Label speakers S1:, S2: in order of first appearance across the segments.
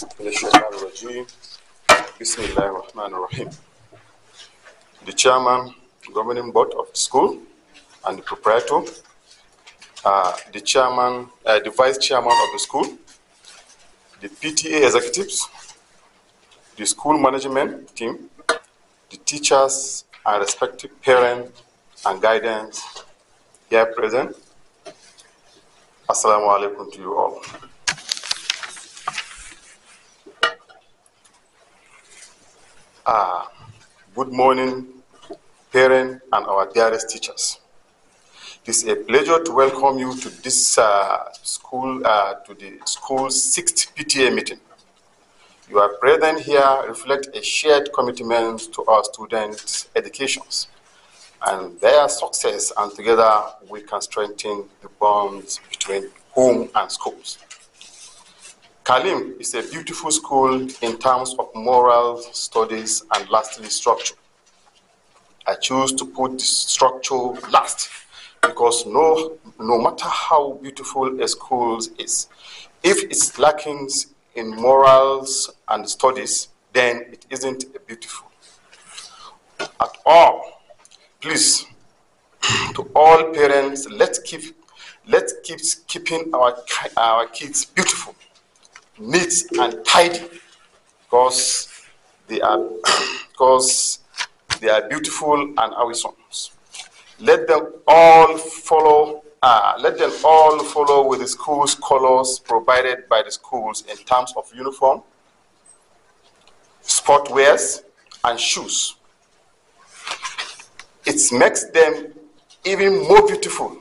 S1: من الشيطان The chairman, governing board of the school and the proprietor, uh, the chairman, uh, the vice chairman of the school, the PTA executives, the school management team, the teachers and respective parents and guidance here present. Assalamu alaikum to you all. Uh, good morning, parents and our dearest teachers. It is a pleasure to welcome you to this uh, school, uh, to the school's sixth PTA meeting. Your presence here reflects a shared commitment to our students' educations and their success, and together we can strengthen the bonds between home and schools. Kalim is a beautiful school in terms of moral studies and lastly structure. I choose to put structure last because no, no matter how beautiful a school is, if it's lacking in morals and studies, then it isn't beautiful at all. Please, to all parents, let's keep let's keep keeping our our kids beautiful neat and tidy because they are because they are beautiful and awesomes. Let them all follow. Uh, let them all follow with the school's colors provided by the schools in terms of uniform, sport wears, and shoes. It makes them even more beautiful.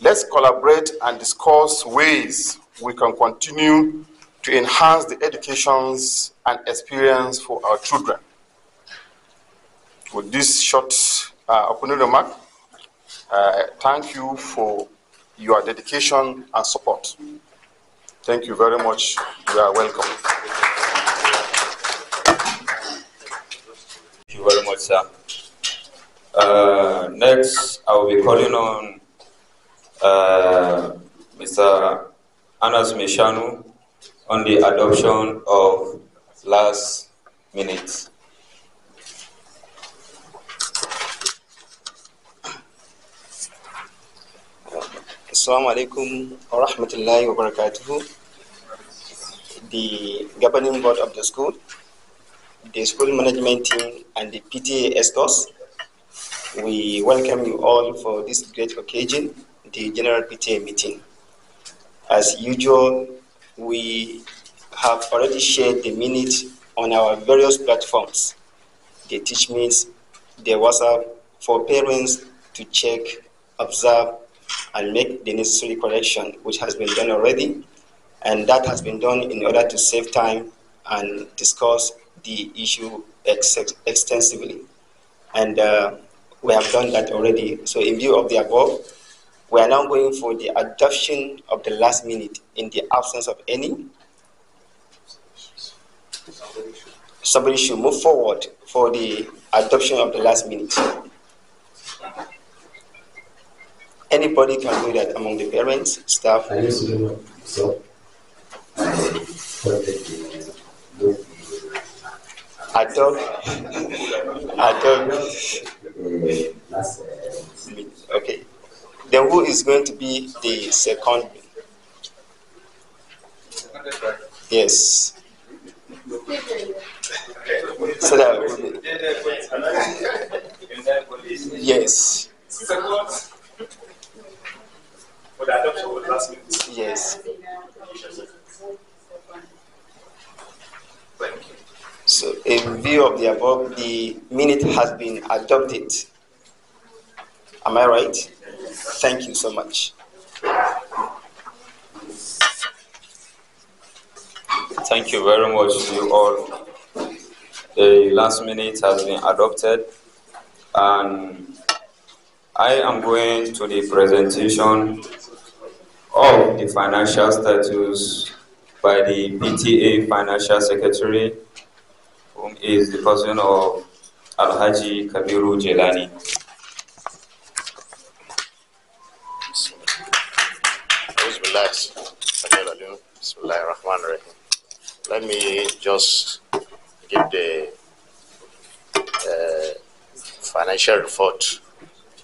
S1: Let's collaborate and discuss ways we can continue to enhance the educations and experience for our children. With this short uh, opening remark, uh, thank you for your dedication and support. Thank you very much.
S2: You are welcome. Thank you very much, sir. Uh, next, I will be calling on uh, Mr. Anas Meshanu on the adoption of last minutes.
S3: Assalamu alaikum wa rahmatullahi wa barakatuh. The governing board of the school, the school management team, and the PTA escorts, we welcome you all for this great occasion, the General PTA meeting. As usual, we have already shared the minutes on our various platforms. The teach means the WhatsApp for parents to check, observe, and make the necessary correction, which has been done already. And that has been done in order to save time and discuss the issue ex extensively. And uh, we have done that already. So in view of the above, we are now going for the adoption of the last minute in the absence of any. Somebody should move forward for the adoption of the last minute. Anybody can do that among the parents, staff. I Adopt.
S4: Adopt. Mm, okay. Then who
S3: is going to be the second? Yes. So that
S5: yes. Yes.
S3: So, in view of the above, the minute has been adopted. Am I right? Thank you so
S2: much. Thank you very much to you all. The last minute has been adopted and I am going to the presentation of the financial status by the PTA Financial Secretary, whom is the person of Alhaji Kabiru Jelani.
S6: just give the uh, financial report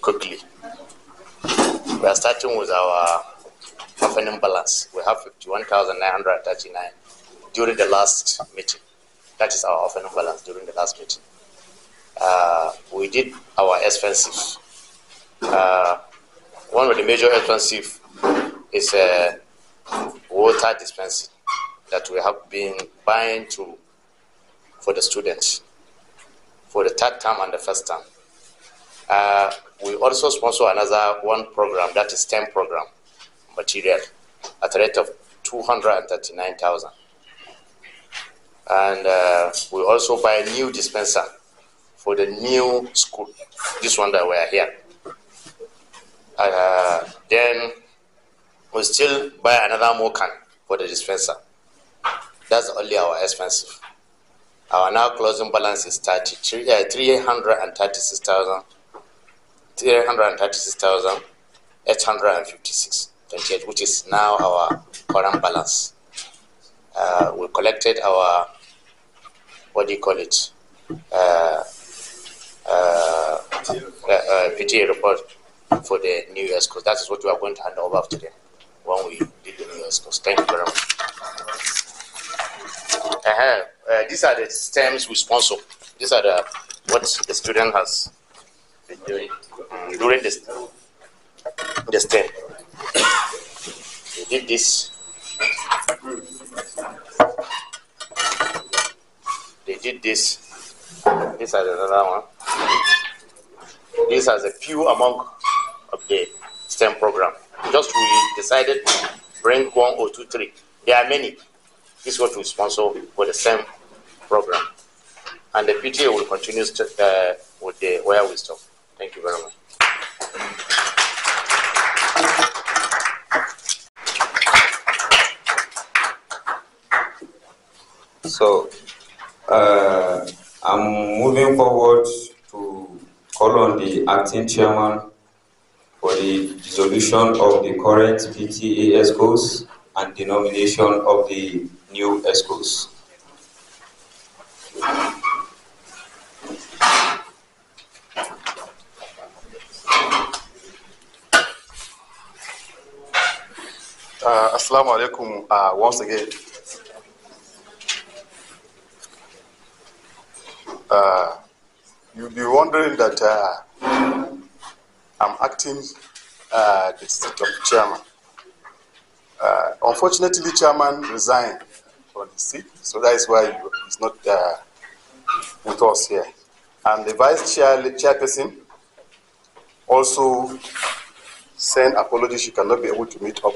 S6: quickly. We are starting with our opening balance. We have 51,939 during the last meeting. That is our opening balance during the last meeting. Uh, we did our expenses. Uh, one of the major expenses is uh, water dispensing that we have been buying to for the students for the third term and the first term. Uh, we also sponsor another one program that is STEM program material at a rate of 239,000. And uh, we also buy a new dispenser for the new school, this one that we are here. Uh, then we still buy another more can for the dispenser. That's only our expenses. Our now closing balance is 33, uh, 336,000. which is now our current balance. Uh, we collected our, what do you call it, uh, uh, uh, uh PTA report for the new year's course. That is what we are going to hand over today when we did the new year's course. Thank you very much. Uh-huh. uh these are the stems we sponsor. These are the what the student has been doing um, during this the stem. They did this. They did this. This is another one. This is a few among of the STEM program. Just we decided to bring one or two, three. There are many. This was responsible for the same program. And the PTA will continue uh, with the where we stop. Thank you very much.
S2: So uh, I'm moving forward to call on the acting chairman for the dissolution of the current PTAS goals and the nomination of the new schools.
S1: Uh, Assalamu alaikum uh, once again. Uh, you'll be wondering that uh, I'm acting uh, the state of chairman. Uh, unfortunately, chairman resigned on sick. So that is why he's not uh, with us here. And the vice chair, chairperson also sent apologies. She cannot be able to meet up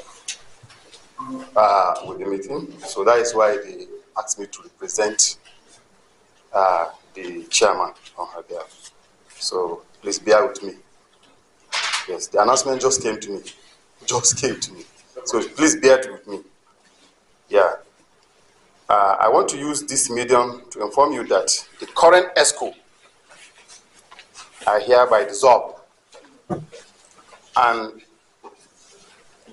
S1: uh, with the meeting. So that is why they asked me to represent uh, the chairman on her behalf. So please bear with me. Yes, the announcement just came to me. Just came to me. So please bear with me. Yeah. Uh, I want to use this medium to inform you that the current ESCO are hereby dissolved. And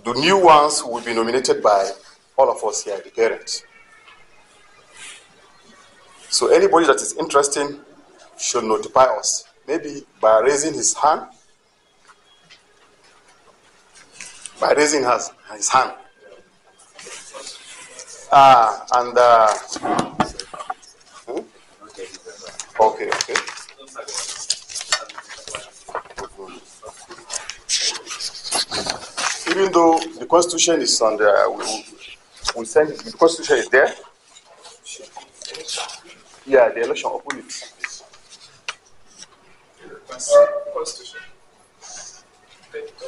S1: the new ones will be nominated by all of us here, the parents. So anybody that is interested should notify us, maybe by raising his hand, by raising his, his hand. Ah, and uh, hmm? okay, okay. Even though the constitution is on the, uh, we, we send it, the constitution is there. Yeah, the election open it. Constitution. Mm-hmm.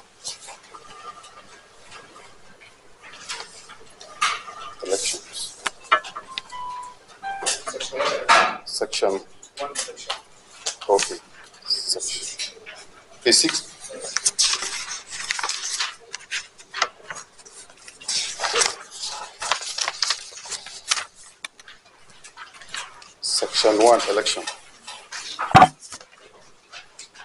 S1: section? One section. Okay. Section. six. Section 1, election.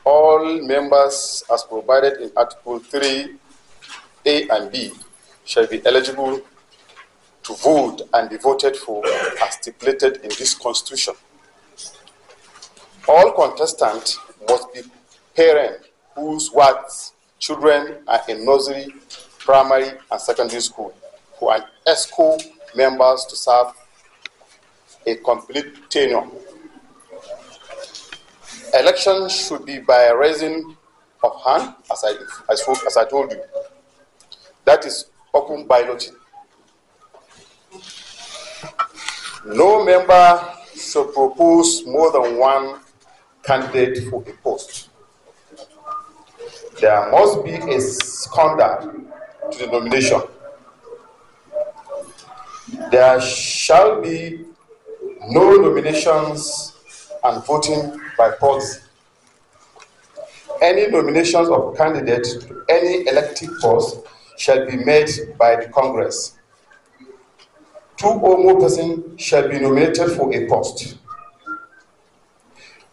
S1: All members, as provided in Article 3, A and B, shall be eligible to vote and be voted for as stipulated in this Constitution. All contestants must be parents whose what children are in nursery, primary, and secondary school, who are ESCO members to serve a complete tenure. Election should be by raising of hand, as I, as, as I told you. That is open by No member should propose more than one candidate for a post. There must be a scandal to the nomination. There shall be no nominations and voting by proxy. Any nominations of candidates to any elective post shall be made by the Congress. Two or more persons shall be nominated for a post.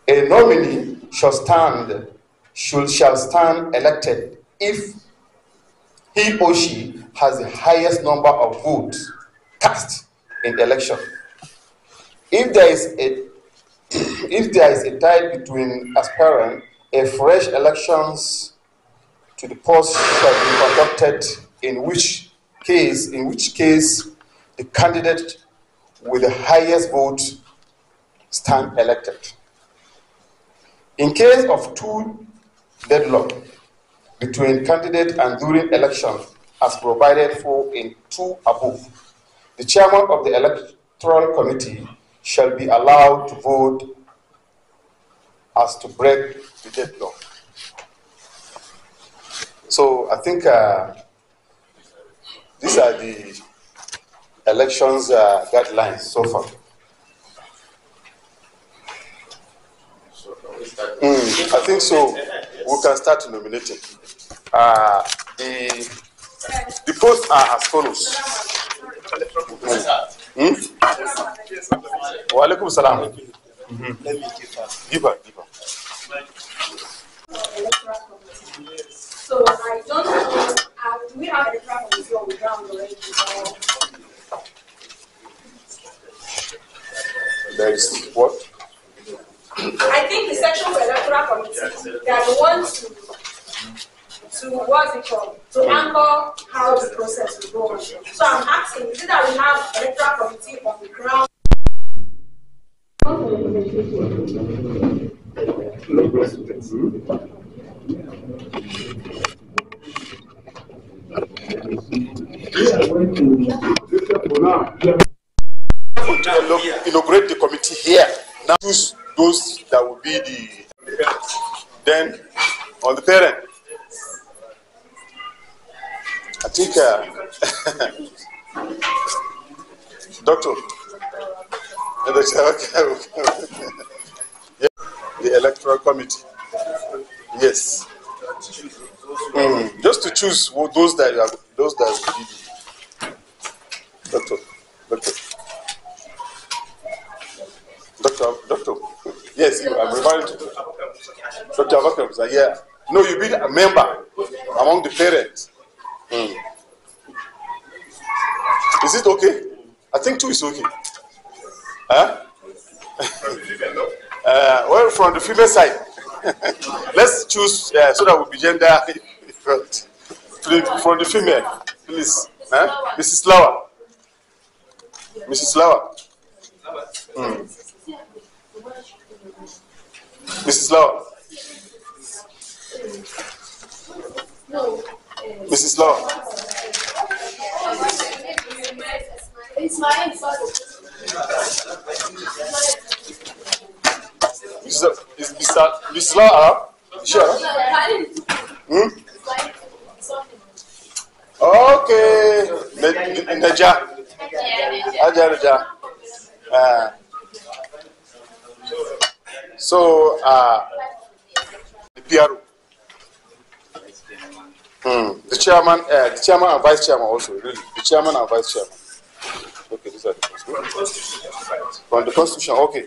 S1: A nominee shall stand, should, shall stand elected if he or she has the highest number of votes cast in the election. If there is a if there is a tie between aspirants, a fresh elections to the post shall be conducted in which case in which case the candidate with the highest vote stand elected. In case of two deadlock between candidate and during election, as provided for in two above, the chairman of the electoral committee shall be allowed to vote as to break the deadlock. So I think uh, these are the elections uh, guidelines so far. Mm, I think so. We can start nominating. Uh, the the posts are as follows. Mm. Mm? Wa mm give her. Give her, So I don't know. Uh, we have a problem with your ground already. There is what? I
S7: think the sections electoral committee they are the ones to to what's it called to anchor how the process will go on. So I'm asking, is it that we have electoral committee on the ground?
S1: Inaugurate the committee here. Now, those that will be the then on the parent. I think, uh, doctor. Okay, okay. yeah. The electoral committee. Yes. Mm. Just to choose those that are, those that will be Doctor, doctor, doctor, doctor. Yes, you, I'm referring to Dr. Abakar Musa. Yeah. No, you be a member among the parents. Mm. Is it okay? I think two is okay. Huh? uh, well, from the female side, let's choose uh, so that we'll be gender from the female, please. Huh? Mrs. Lauer. Mrs. Lauer. Mm. Mrs. Law. No. Mrs. Law. It's my Is, is Mr. Mrs. Law up? Sure. Hmm? Okay. Naja. Naja, Naja. Uh. So, uh, the PRO. Mm, the chairman, uh, the chairman and vice chairman also, really. The chairman and vice chairman. Okay, these are the constitution. From the constitution, okay.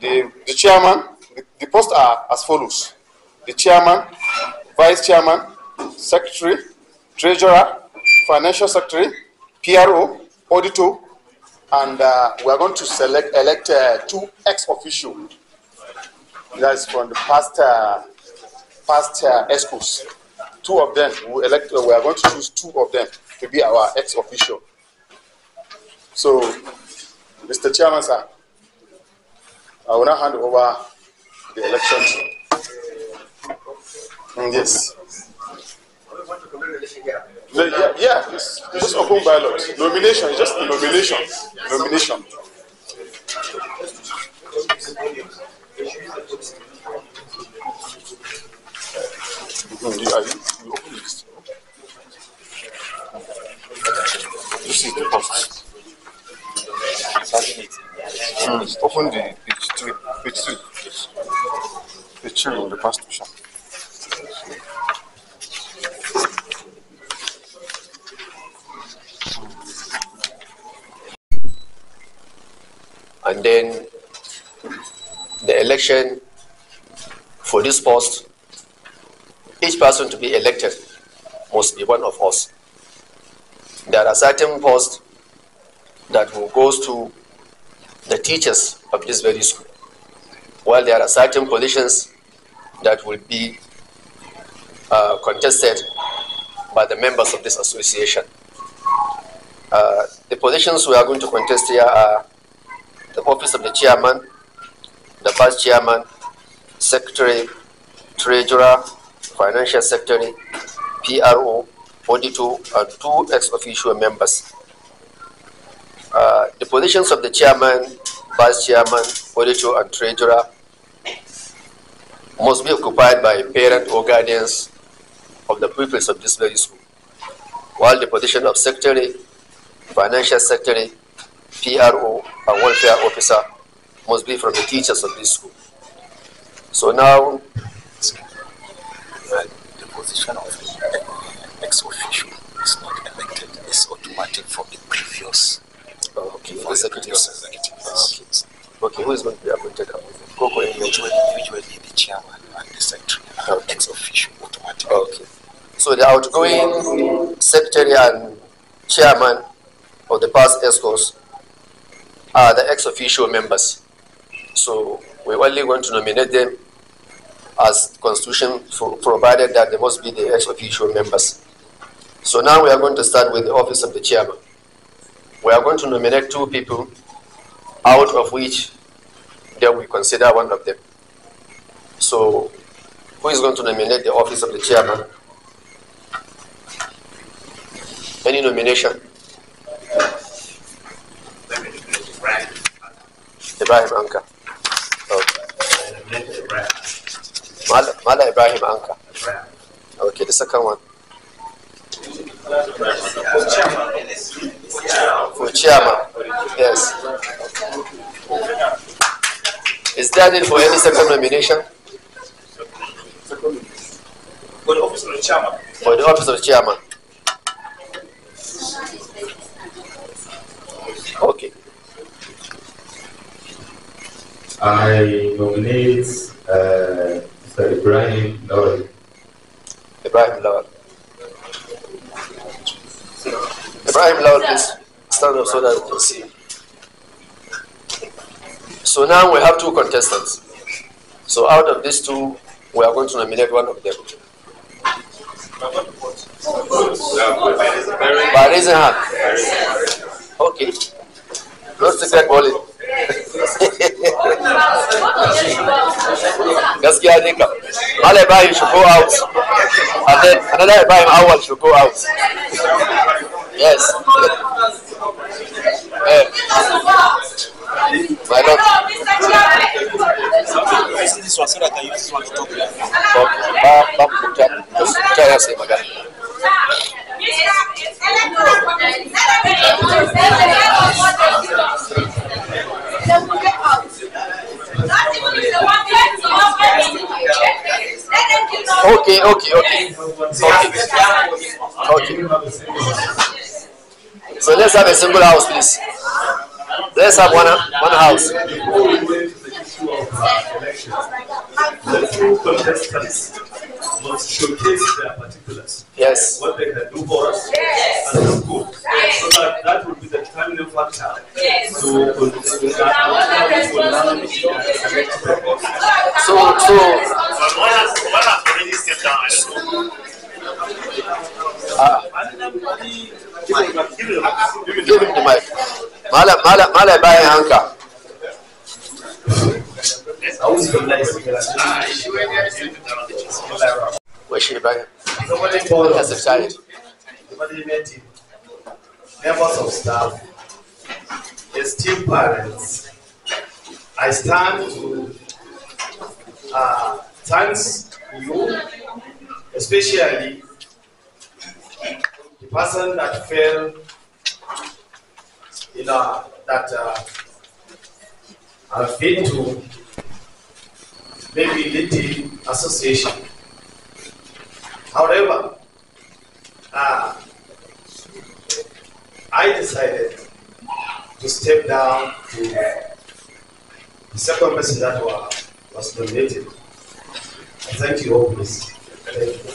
S1: The, the chairman, the, the posts are as follows. The chairman, vice chairman, secretary, treasurer, financial secretary, PRO, auditor, and uh, we are going to select elect uh, two ex ex-officials. That's from the past uh, past uh, Two of them, we, elect, uh, we are going to choose two of them to be our ex official. So, Mr. Chairman, sir, I will now hand over the election. Mm, yes. The, yeah, yeah, Just it's open ballot. Nomination, it's just nomination. Nomination. No, you, are you, you open this. This is the post. Mm, open the page three, page three, page three the
S8: And then the election for this post, each person to be elected must be one of us. There are certain posts that will go to the teachers of this very school, while there are certain positions that will be uh, contested by the members of this association. Uh, the positions we are going to contest here are the office of the chairman, the vice chairman, secretary, treasurer, financial secretary, PRO, auditor, and two ex officio members. Uh, the positions of the chairman, vice chairman, auditor, and treasurer must be occupied by parent or guardians of the pupils of this very school, while the position of secretary, financial secretary, PRO, and welfare officer must be from the teachers of this school. So now, the
S9: position of ex official is not elected; it's automatic for the previous. Oh, okay, for the Oh, okay. okay, who is going to be appointed? Coco usually, usually
S8: the chairman and the secretary okay. ex official automatically. Okay. So the outgoing secretary and chairman of the past ESCOs are the ex official members. So we only want to nominate them as constitution for, provided that they must be the ex officio members. So now we are going to start with the office of the chairman. We are going to nominate two people, out of which then we consider one of them. So who is going to nominate the office of the chairman? Any nomination? Ibrahim Anka. Mala Ibrahim Anka. Okay, the second one. Fuchiyama. Yes. Is there need for any second nomination?
S5: For the office of the chairman.
S8: For the office of the chairman. Okay.
S2: I nominate uh, Mr. Ibrahim Lord. Ibrahim Lord.
S8: Ibrahim Lord, please stand up so that you can see. So now we have two contestants. So out of these two, we are going to nominate one of them. By raising hand. Okay. Not to get bullied gaskiya ne kam malai bayan shi go out and then another bayan awal shi go
S7: out yes Yeah. Why not? okay, okay. Okay.
S9: Okay. So let's have a single house, please.
S7: Let's have one, one house.
S10: Must showcase their particulars. Yes. What they can do for us yes. and
S4: look good. Yes.
S10: So that, that will be the determining factor.
S4: Yes. So, so, so. One has already stepped down.
S8: mala bayan hanka wai shi bayan kasar shahid
S11: members of staff esteemed parents i stand to uh, thanks you especially the person that fell, you know, that uh, have been to maybe little association. However, uh, I decided to step down to the second person that was, was nominated. Thank you all, please. Thank you.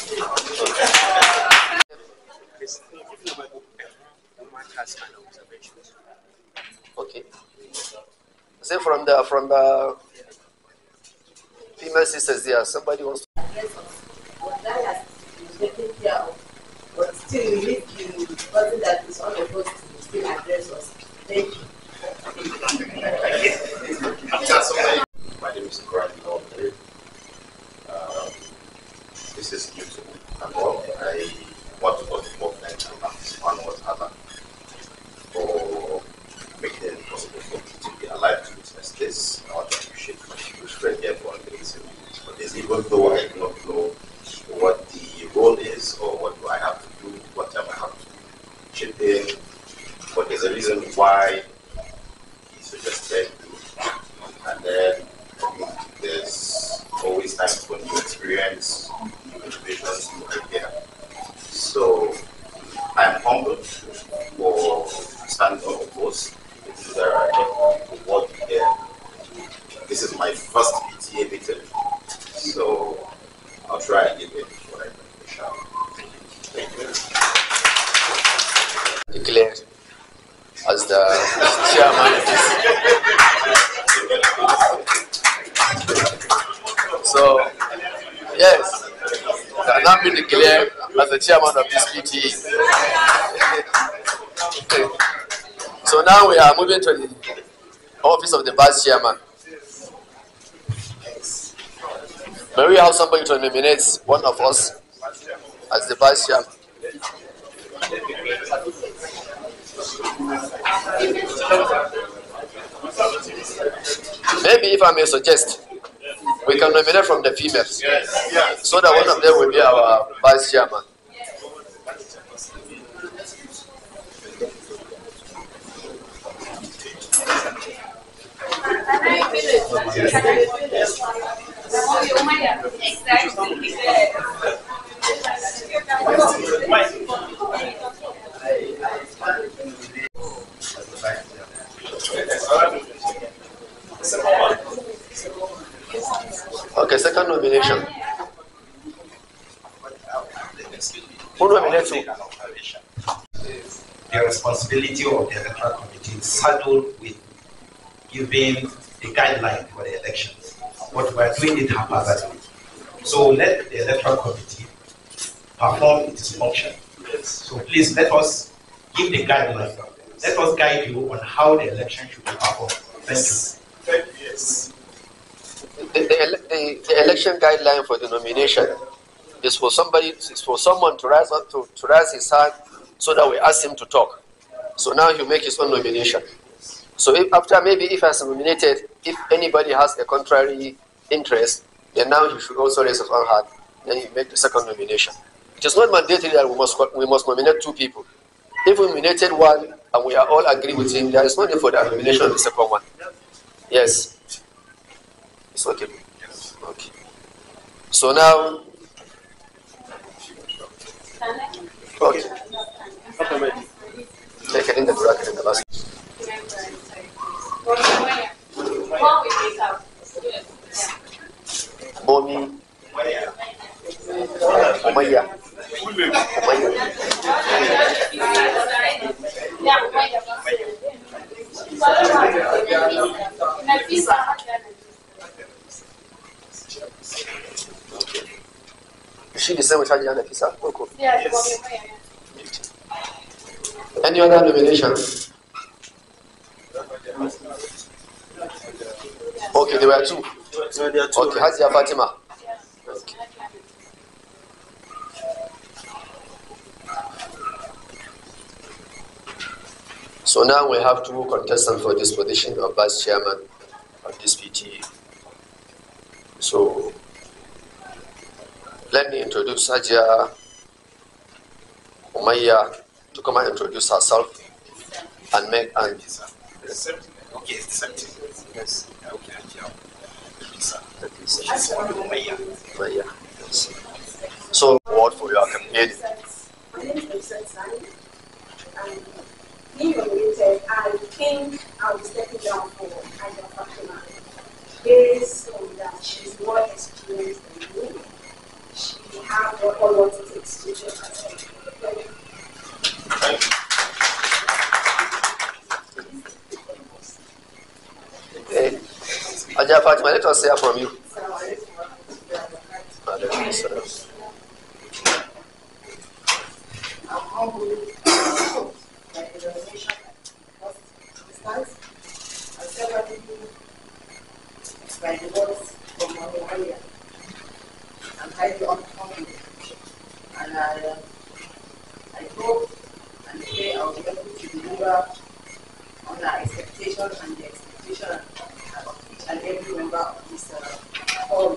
S6: Everyone has an observation. Okay.
S8: Say from the from the female sisters there, yeah, somebody wants
S7: to but still we need you still address us. Thank you. My name is Grady. even though I do not know what the role is or what do I have to do, whatever I have to do, chip in. Eh, but there's a reason why
S4: he suggested And then there's always time for new experience, new innovations, new idea. So I'm humbled for standing course the post. It is to work here. This is my first PTA meeting. So I'll try and get it before I finish the shower. Thank you.
S8: Declared as the
S9: chairman. so,
S8: yes, I have been declared as the chairman of this committee. so now we are moving to the office of the vice chairman. May we have somebody to nominate one of us as the vice chair? Maybe if I may suggest, we can nominate from the females, so that one of them will be our vice chairman.
S7: Can Okay,
S8: second
S9: nomination. Who nominates The responsibility of the electoral committee is saddled with giving the guideline for the elections but we are doing it haphazardly. So let the electoral committee perform its function. So please let us give the guidelines. Let us guide you on how the election should be performed. Thank
S8: you. Thank you. Yes. The, the, the, the election guideline for the nomination is for somebody is for someone to rise up to, to raise his hand so that we ask him to talk. So now he'll make his own nomination. So if, after maybe if I am nominated, if anybody has a contrary interest, then now you should also raise a fund hard. Then you make the second nomination. It is not mandatory that we must we must nominate two people. If we nominated one and we are all agree with him, there is no need for the nomination of the second one. Yes. It's okay. Okay. So now. Okay.
S7: yes.
S8: Any other nominations?
S4: Okay, there were two.
S8: Okay, Hazia Fatima. Okay. So now we have two contestants for this position of vice chairman. introduce Hajia Umayya to come and introduce herself and make an.
S9: Okay, it's Yes. Okay,
S8: So, what for your opinion?
S7: My name is Sani, being nominated, I think I'll be stepping down for Fatima based on that she's more experienced than me we have or, or what it takes
S8: Fatima, let us hear from you.
S7: shall be able to deliver on our expectation and the expectation of each and every member of this uh,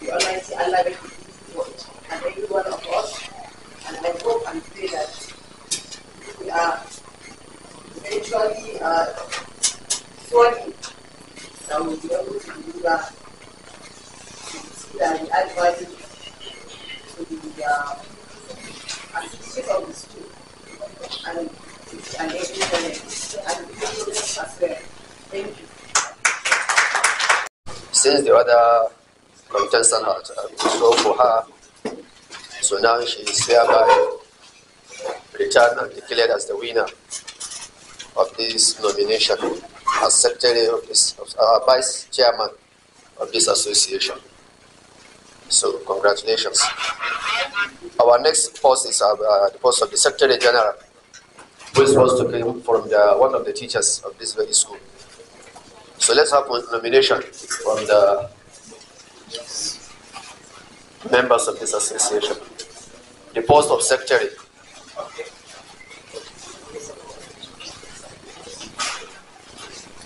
S7: The Almighty Allah will give word and every of us. And I hope and pray that we are eventually uh, solid that we'll able to deliver to the advising to the uh, of the and, Thank you.
S8: Since the other contestant had uh, for her, so now she is hereby returned and declared as the winner of this nomination as secretary of this, of, uh, vice chairman of this association. So congratulations. Our next post is uh, uh the post of the Secretary General who is supposed to come from the, one of the teachers of this very school. So let's have a nomination from the members of this association. The post of secretary.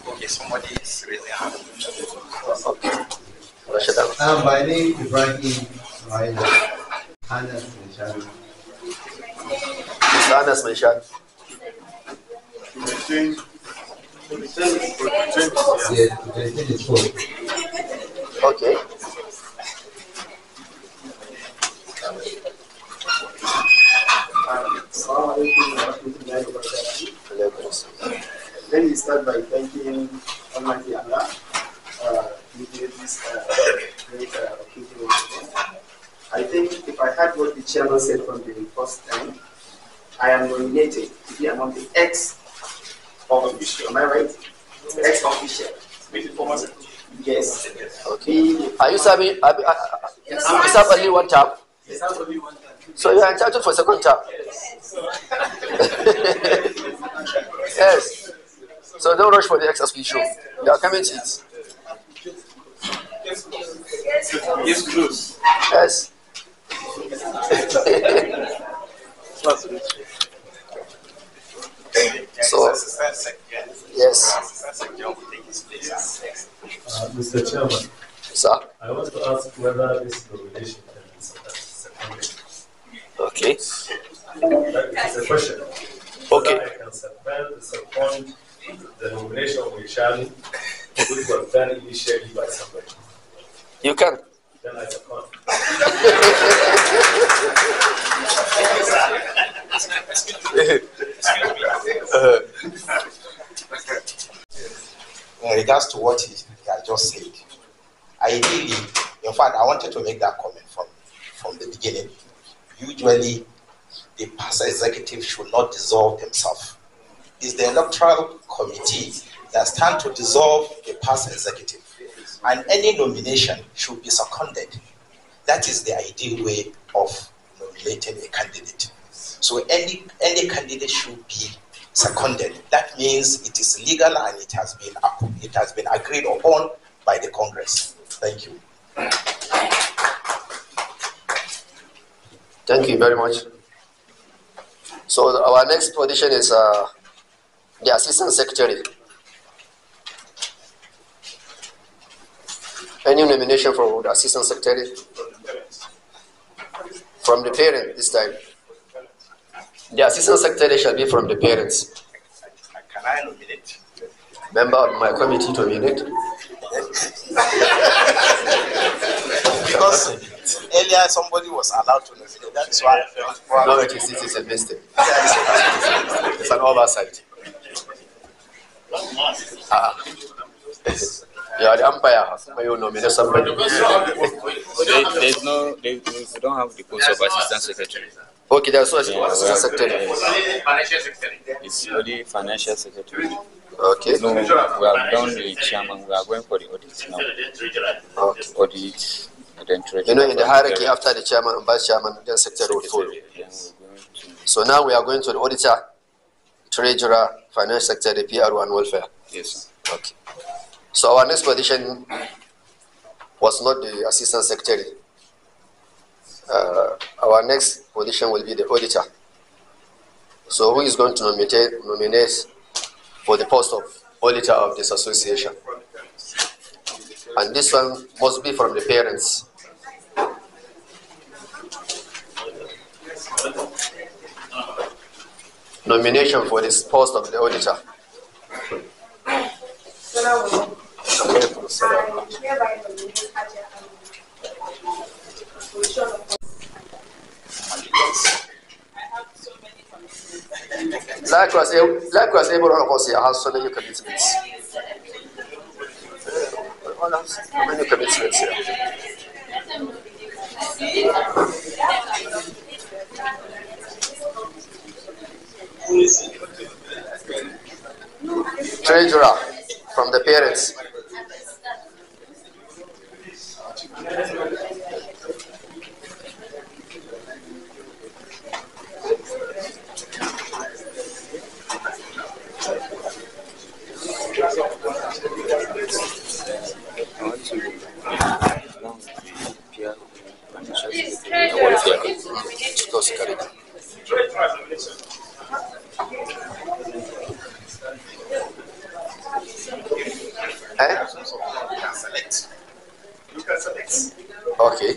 S9: Okay, somebody is raising hand. Okay. Um, uh, my name is Ibrahim Raila. Anas Meshad.
S8: Mr. Anas Meshad. Okay. Let
S4: me
S3: start by thanking Almighty Allah uh, who gave this great occasion. I think if I heard what the chairman
S8: said from the first time, I am nominated to be among the ex I right? Ex official. Yes. Okay. Are you serving? Are, are, yes. You serve only one term. Yes. So you are entitled for second term. Yes. yes. So don't rush for the ex official. You are coming to it.
S9: Yes, Yes. yes. So, yes.
S10: Uh, Mr. Chairman, Sir? I want to ask whether this nomination can be seconded. Okay. That is the question. Okay. I can suspend, second the nomination of Richard, which was done initially by somebody. You can. Then I
S11: second. uh,
S9: in regards to what he, he has just said, ideally, in fact, I wanted to make that comment from, from the beginning. Usually, the past executive should not dissolve themselves. It's the electoral committee that stands to dissolve the past executive. And any nomination should be seconded. That is the ideal way of nominating a candidate. So any, any candidate should be seconded. That means it is legal and it has been, it has been agreed upon by the Congress. Thank you. Thank you very much.
S8: So our next position is uh, the Assistant Secretary. Any nomination for the Assistant Secretary? From the parent this time. The assistant secretary shall be from the parents.
S9: Can I nominate?
S8: Member of my committee to nominate?
S9: because earlier somebody was allowed to nominate. That's why. No, it is, it is a mistake. it's an oversight.
S8: Uh, you are the umpire, but you nominate somebody. There,
S4: there's
S8: no, there, we don't have the post of assistant secretary. Okay, that's what yeah, assistant
S2: secretary. It's only financial secretary. Okay. No, we have done the chairman. We are going for the audit
S6: now.
S2: Okay. Audit. Then you know, in the hierarchy
S8: after the chairman and vice chairman, then secretary will follow. So now we are going to the auditor, treasurer, finance secretary, PR, and welfare. Yes. Sir. Okay. So our next position was not the assistant secretary. Uh, our next position will be the auditor. So who is going to nominate, nominate for the post of auditor of this association? And this one must be from the parents. Nomination for this post of the auditor. Likewise, every one of us here has so many commitments.
S7: Uh, so
S4: many commitments here. Treasurer from the parents. karibu.
S7: Eh? Okay.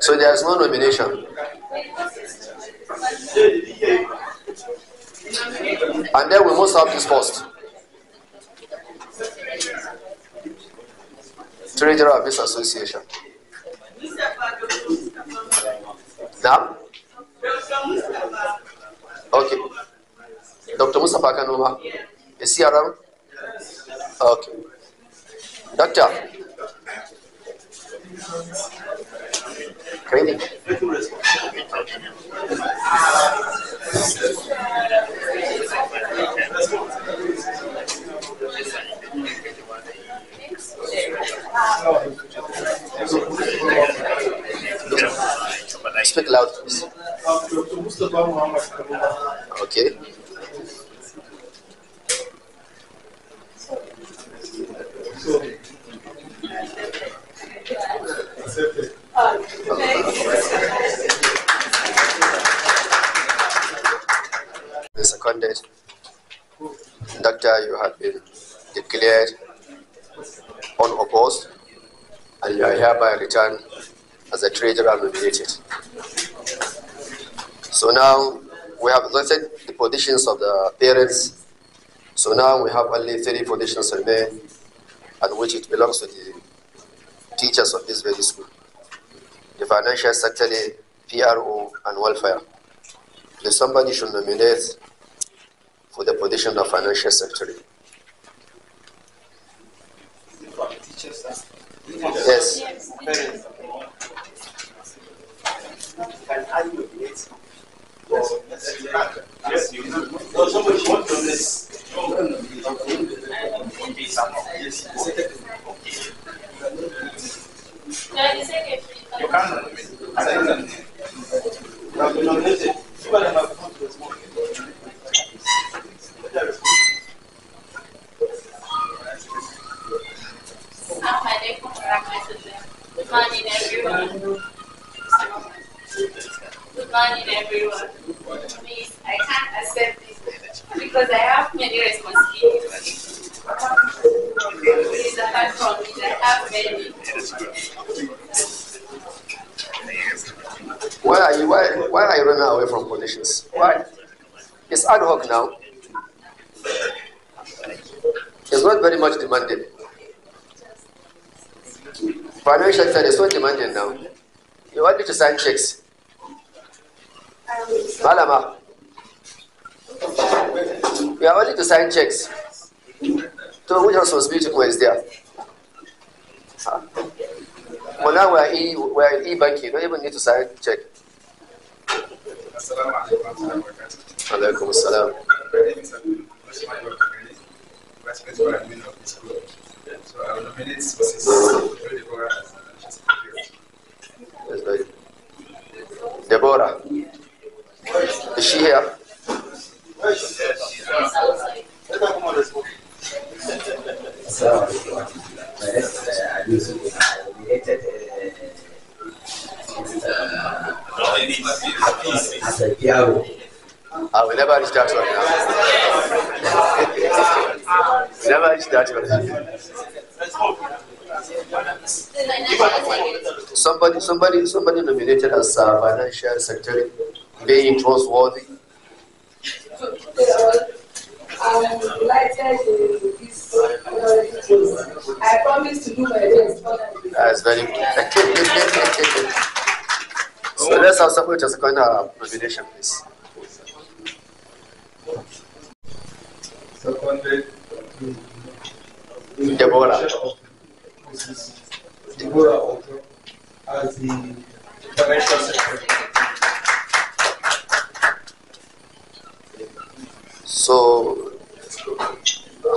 S7: So
S8: there is no nomination. And then we must have this post. to of this association. return as a trader are nominated. So now we have listed the positions of the parents. So now we have only three positions remain, and which it belongs to the teachers of this very school. The financial secretary, PRO, and welfare. If somebody should nominate for the position of financial secretary. Yes.
S4: You
S9: can.
S7: Good morning, everyone. Good morning, everyone. Please, I can't accept this because I have many responsibilities. Please, apart from me, I have many.
S8: Why are you why, why are you running away from conditions? Why? It's ad hoc now. It's not very much demanded. Primary check side is so demanding now. You want me to sign checks? Malama. We are only to sign checks. So which responsibility was there? Huh? Well, now we are e we are e banking. You don't even need to sign check. Alaikum so I will nominate Deborah Deborah. Is she here?
S9: So, first, uh, I nominated uh,
S8: uh, as a I ah, will never reached that one. never reached that one. Somebody, somebody, somebody nominated as uh, financial secretary, being trustworthy.
S7: I'm delighted with ah, this
S8: I promise to do my best. That's very good. so let's have somebody just going to nomination,
S11: please.
S9: Deborah. So,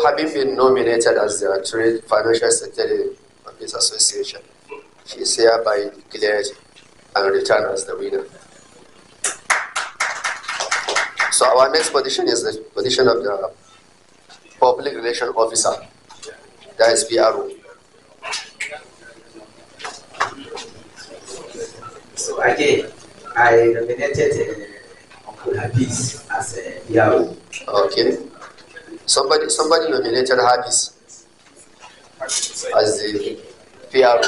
S8: having been nominated as the Trade Financial Secretary of this association, she is hereby declared and returned as the winner. So our next position is the position of the public relation officer, the SPRO.
S9: So again, I nominated Uncle uh,
S8: Habis as a uh, PRO. Okay. Somebody, somebody nominated Habis as the PRO.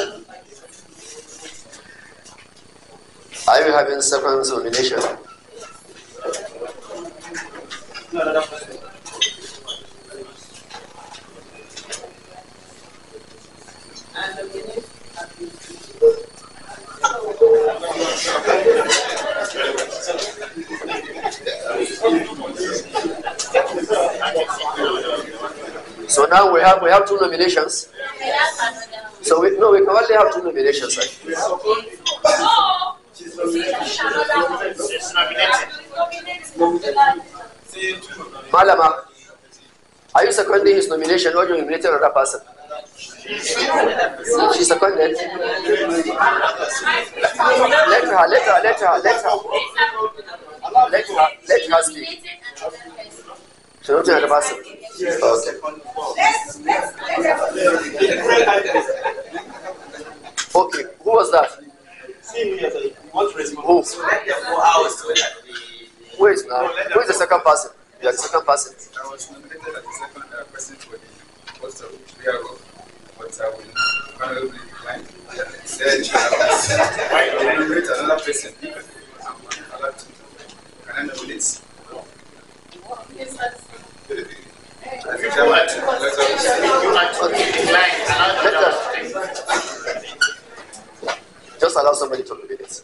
S8: Are you having second nomination? So now we have we have two nominations. So we no we can only have two nominations. Right? Malama, are you seconding his nomination or you nominated another person? She seconded. Let her, let her, let her, let her. Let her, let her speak. She not another person.
S11: Okay. Okay, who was that? Who? Who is now? Who is the second person? You the second person. I
S5: was nominated as
S11: the second uh, person for the post of Riago, but I will honorably decline.
S9: Said uh, I will nominate another person. Can I nominate?
S4: are to decline. Let
S8: Just allow somebody to nominate.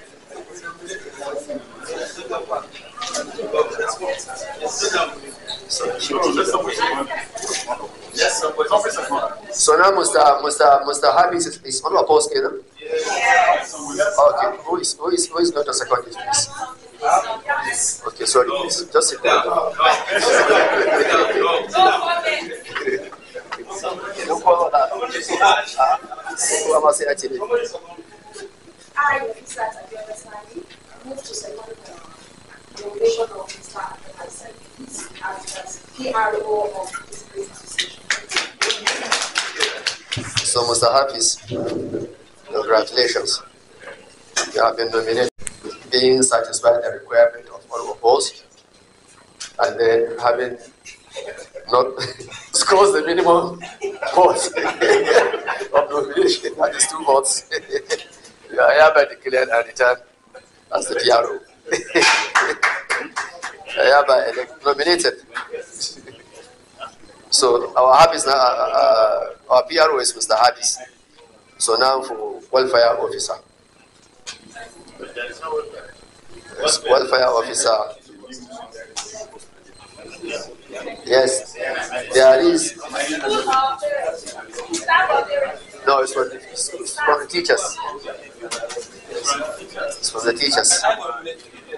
S8: So now Mr. Mr. Mr. Harris is, is on pause, okay? No? Yes. Okay. Who is who is who is not a psychologist, please? Okay, sorry, please. Just sit down. Don't follow that. Who
S7: am moved to psychology. donation of Mr. Adams as PRO of this association.
S8: So, Mr. Hafiz, congratulations. You have been nominated, being satisfied the requirement of all opposed, and then having not scored the minimum vote of nomination, that is two votes. you are hereby declared and returned as the PRO. I have Ayaba uh, nominated. so our Habis now, uh, uh, uh our PRO is Mr. Habis. So now for welfare officer.
S11: Yes, welfare officer.
S7: Yes, there is.
S8: No, it's for, it's for the teachers. It's for the teachers.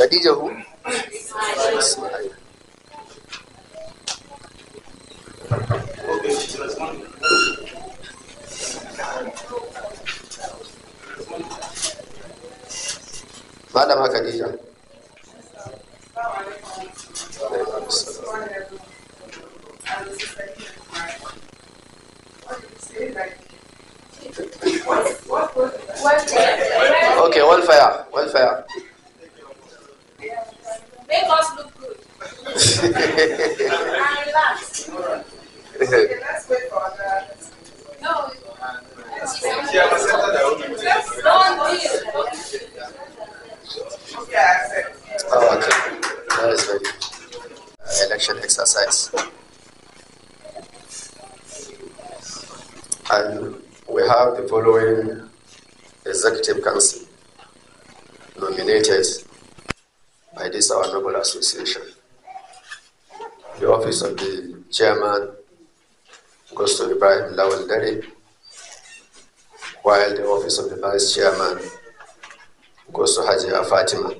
S8: خديجه اسماعيل malama khadija okay welfare welfare
S7: Make us look good. and relax. Okay, let's wait for that. No. She has accepted Don't
S8: Okay, Oh, okay. That is very uh, election exercise. And we have the following executive council nominated by this our noble association. The office of the chairman goes to Ibrahim Lawal Dari, while the office of the vice chairman goes to Hajia Fatima.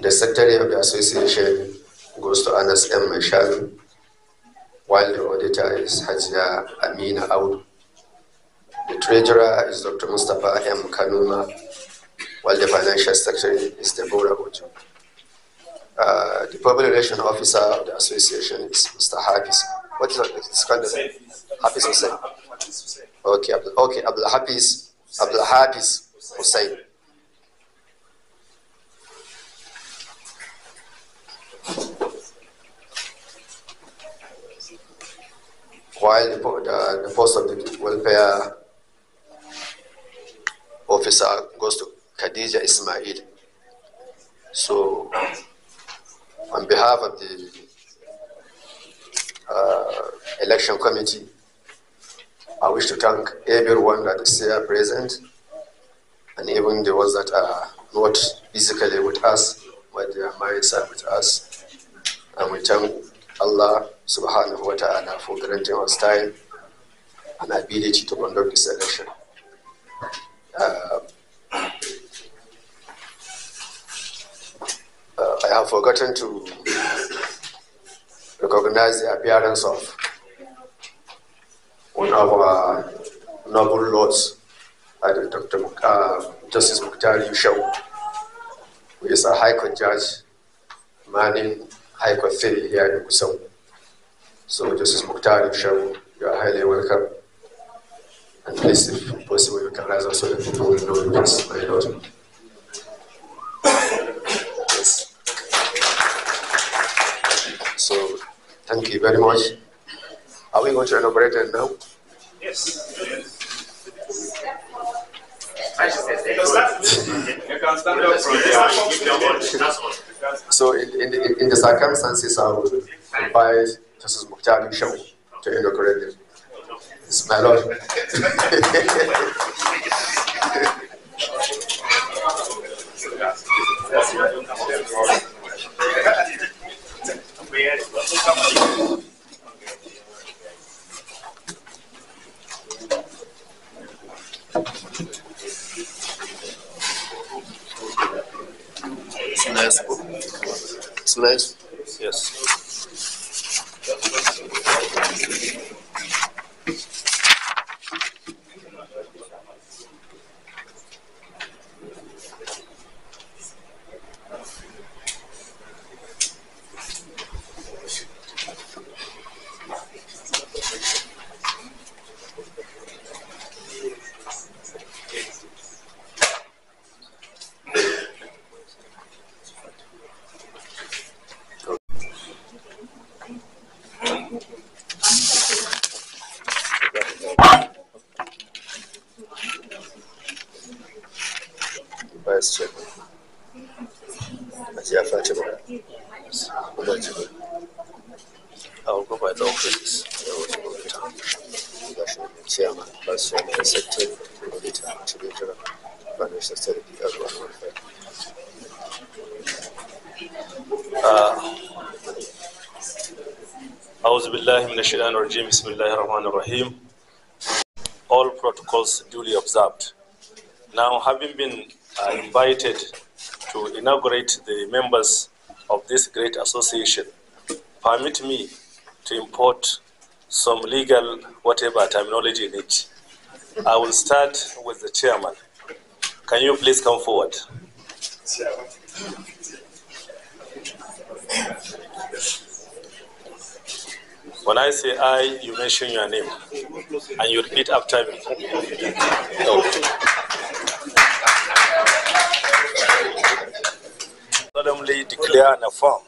S8: The secretary of the association goes to Anas M. Mashal, while the auditor is Hajia Amina Aoud. The treasurer is Dr. Mustafa M. Kanuma, while the financial structure is the board of Uh, the public relation officer of the association is Mr. Hafiz. What is his called? Hafiz Hussein. Okay, okay, Abdul Hafiz, Abdul Hafiz Hussein. While the, the, the post of the welfare officer goes to Khadija Ismail. So, on behalf of the uh, election committee, I wish to thank everyone that is here present and even the ones that are not physically with us, but their minds are with us. And we thank Allah subhanahu wa ta'ala for granting us time and ability to conduct this election. Uh, I have forgotten to recognize the appearance of one of our noble lords, uh, Dr. Uh, Justice Mukhtar Yushau, who is a High Court judge manning High Court 3 here in Kusum. So, Justice Mukhtar Yushau, you are highly welcome. And please, if possible, you can rise up so that people will know you, my lord. Thank you very much. Are we going to inaugurate it now? Yes. so in, in, the, in the circumstances, I would advise Justice Mukhtar Show to inaugurate it. It's my lord.
S11: It's
S8: nice. Yes.
S10: Rajim, Bismillah rahman rahim All protocols duly observed. Now, having been uh, invited to inaugurate the members of this great association, permit me to import some legal, whatever terminology in it. I will start with the chairman. Can you please come forward? When I say I, you mention your name and you repeat after me. No. Solemnly declare and affirm.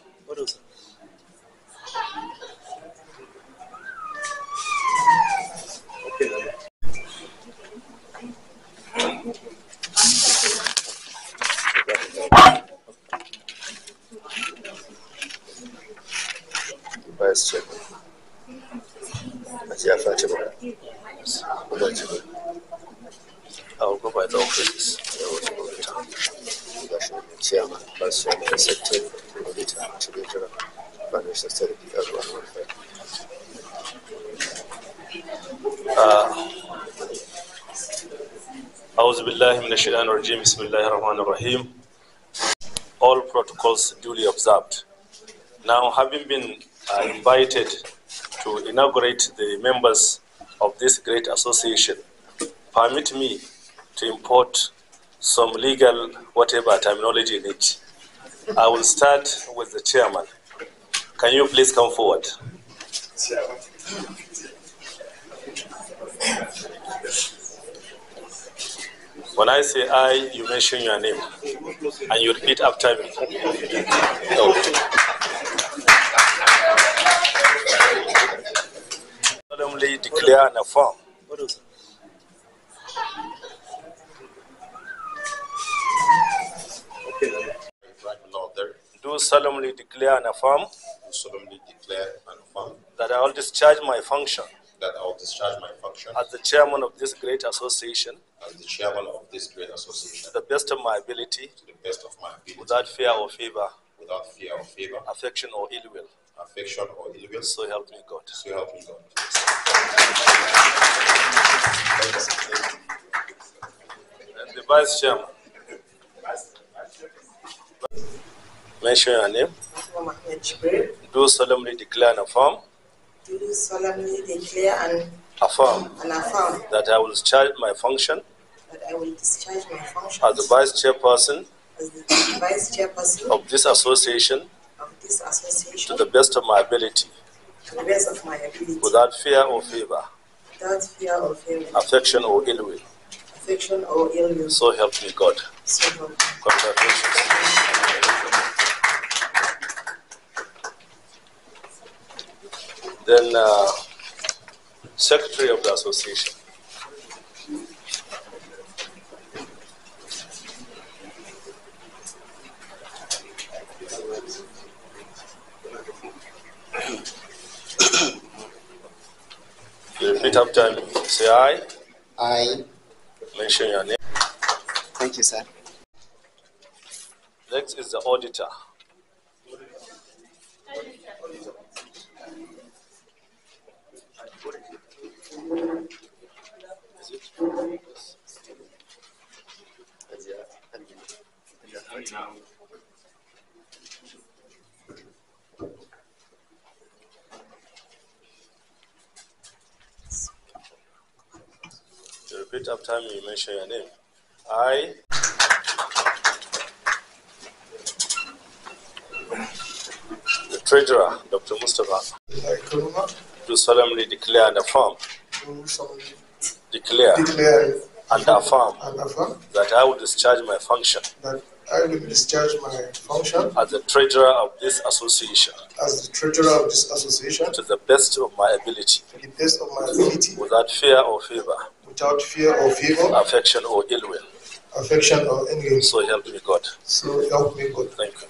S8: Let's check. Yeah, Fatima. Fatima. I oh, will go by the offices. was Chairman, Vice Chairman, Secretary, Auditor, Financial Secretary, everyone
S10: أعوذ بالله من الشيطان الرجيم بسم الله الرحمن الرحيم All protocols duly observed. Now having been uh, invited to inaugurate the members of this great association, permit me to import some legal, whatever terminology in it. I will start with the chairman. Can you please come forward? When I say I, you mention your name and you repeat after me. solemnly declare and affirm do solemnly declare and affirm do solemnly declare and affirm that I will discharge my function that I will discharge my function as the chairman of this great association as the chairman of this great association to the best of my ability to the best of my ability without fear or favor without fear or favor affection or ill will affection or ill will. So help me God. So help me God. And the vice chairman. Mention your name. Do solemnly declare and affirm.
S7: Do solemnly declare and affirm, and affirm
S10: that I will discharge my function.
S7: That I will discharge my function
S10: as the vice chairperson.
S7: As the vice chairperson
S10: of this association
S7: this association.
S10: To the best of my ability.
S7: To the best of my ability.
S10: Without fear or favor.
S7: Without fear or favor.
S10: Affection or ill will.
S7: Affection or
S10: ill will. So help me God. So help me. Congratulations. Then, uh, Secretary of the Association. Repeat after me. Say aye. Aye. Mention your name. Thank you, sir. Next is the auditor.
S8: Is it?
S10: Repeat after me, you mention your name. I. The Treasurer, Dr. Mustafa. I do solemnly declare and affirm. Declare. Declare. And affirm, and affirm that I will discharge my function.
S11: That I will discharge my
S10: function as the treasurer of this association.
S11: As the treasurer of
S10: this association to the best of my ability. To the best of my ability. Without fear or favor without fear of evil, affection or ill will.
S11: Affection or
S10: ill will. So help me God. So help me God. Thank you.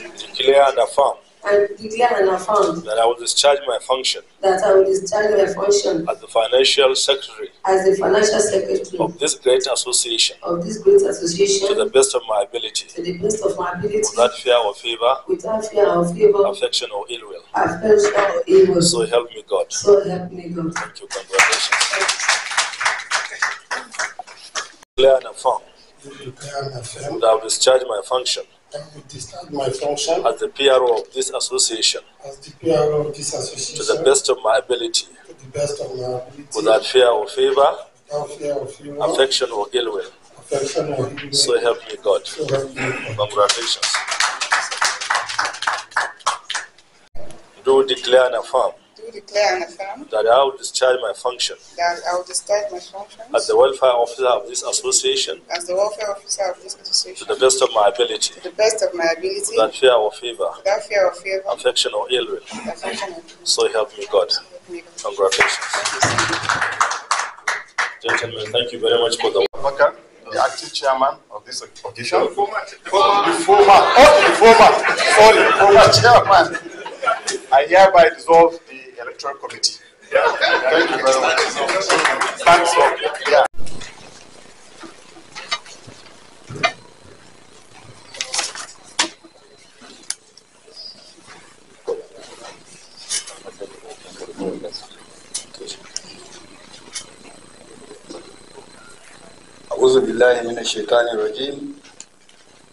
S10: Congratulations. Declare and affirm
S7: and declare and affirm
S10: that I will discharge my function
S7: that I will discharge my
S10: function as the financial secretary
S7: as the financial
S4: secretary
S10: of this great association of this great association to the best of my ability to the best of my ability without fear or favor
S4: without
S7: fear or
S10: favor affection or ill will affection or ill will so help me God so help
S7: me God thank you congratulations
S10: declare and affirm
S11: that
S10: I will discharge my function my function as the PRO of this association, as
S11: the PRO of this
S10: association to the best of my ability,
S11: to the best of my
S10: ability without fear or favor, without fear or favor affection or ill will. Affection or ill will. So help me God. So help me God. Congratulations. Do declare and affirm
S11: that
S10: I will discharge my function
S11: that I will discharge my as
S10: the welfare officer of this association
S11: as the welfare officer of this association to the best of
S10: my ability to the
S11: best of my ability without
S10: fear or favor without fear or favor affection or ill will so help me God congratulations
S1: gentlemen thank you very much for the work the acting chairman of this occasion. The former, former,
S6: oh, the former,
S1: sorry, former chairman. I hereby dissolve the electoral committee. Yeah. Thank you very much. Thanks for yeah.
S12: أعوذ بالله من الشيطان الرجيم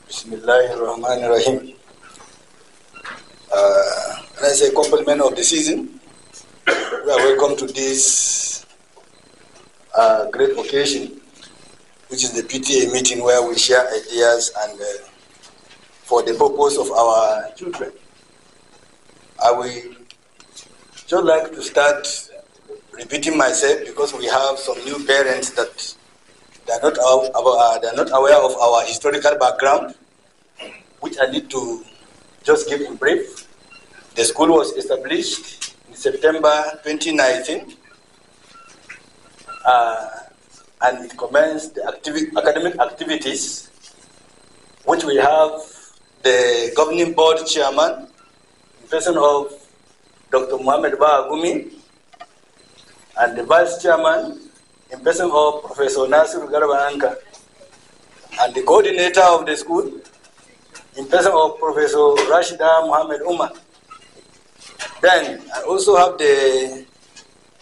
S12: بسم الله الرحمن الرحيم uh, I say compliment of the season we are welcome to this uh, great occasion, which is the PTA meeting where we share ideas and uh, for the purpose of our children. I will just like to start repeating myself because we have some new parents that they are not, uh, they are not aware of our historical background, which I need to just give in brief. The school was established September 2019, uh, and it commenced activi- academic activities, which we have the governing board chairman, in person of Dr. Mohamed Baagumi, and the vice chairman, in person of Professor Nasir Garbananka, and the coordinator of the school, in person of Professor Rashida Mohamed Umar. Then I also have the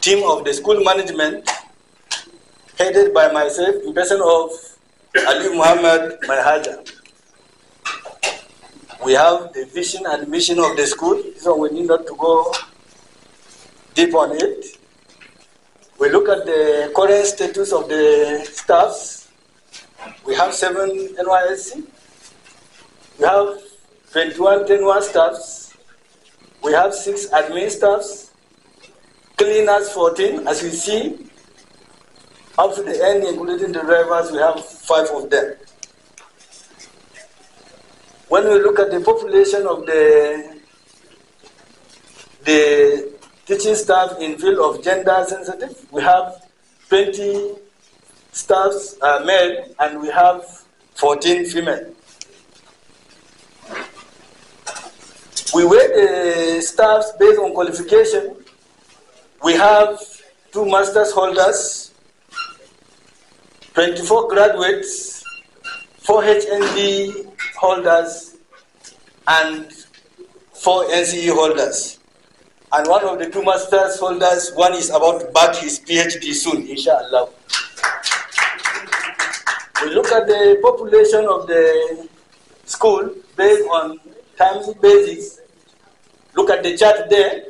S12: team of the school management headed by myself in person of Ali Muhammad Mahaja. We have the vision and mission of the school, so we need not to go deep on it. We look at the current status of the staffs. We have seven NYSC. We have 21 tenure staffs we have six admin staffs, cleaners 14, as you see. Up to the end, including the drivers, we have five of them. When we look at the population of the, the teaching staff in field of gender sensitive, we have 20 staffs uh, male and we have 14 female. We weight the staffs based on qualification. We have two master's holders, 24 graduates, four HND holders, and four NCE holders. And one of the two master's holders, one is about to back his PhD soon, inshallah. We look at the population of the school based on timely basis. Look at the chart there.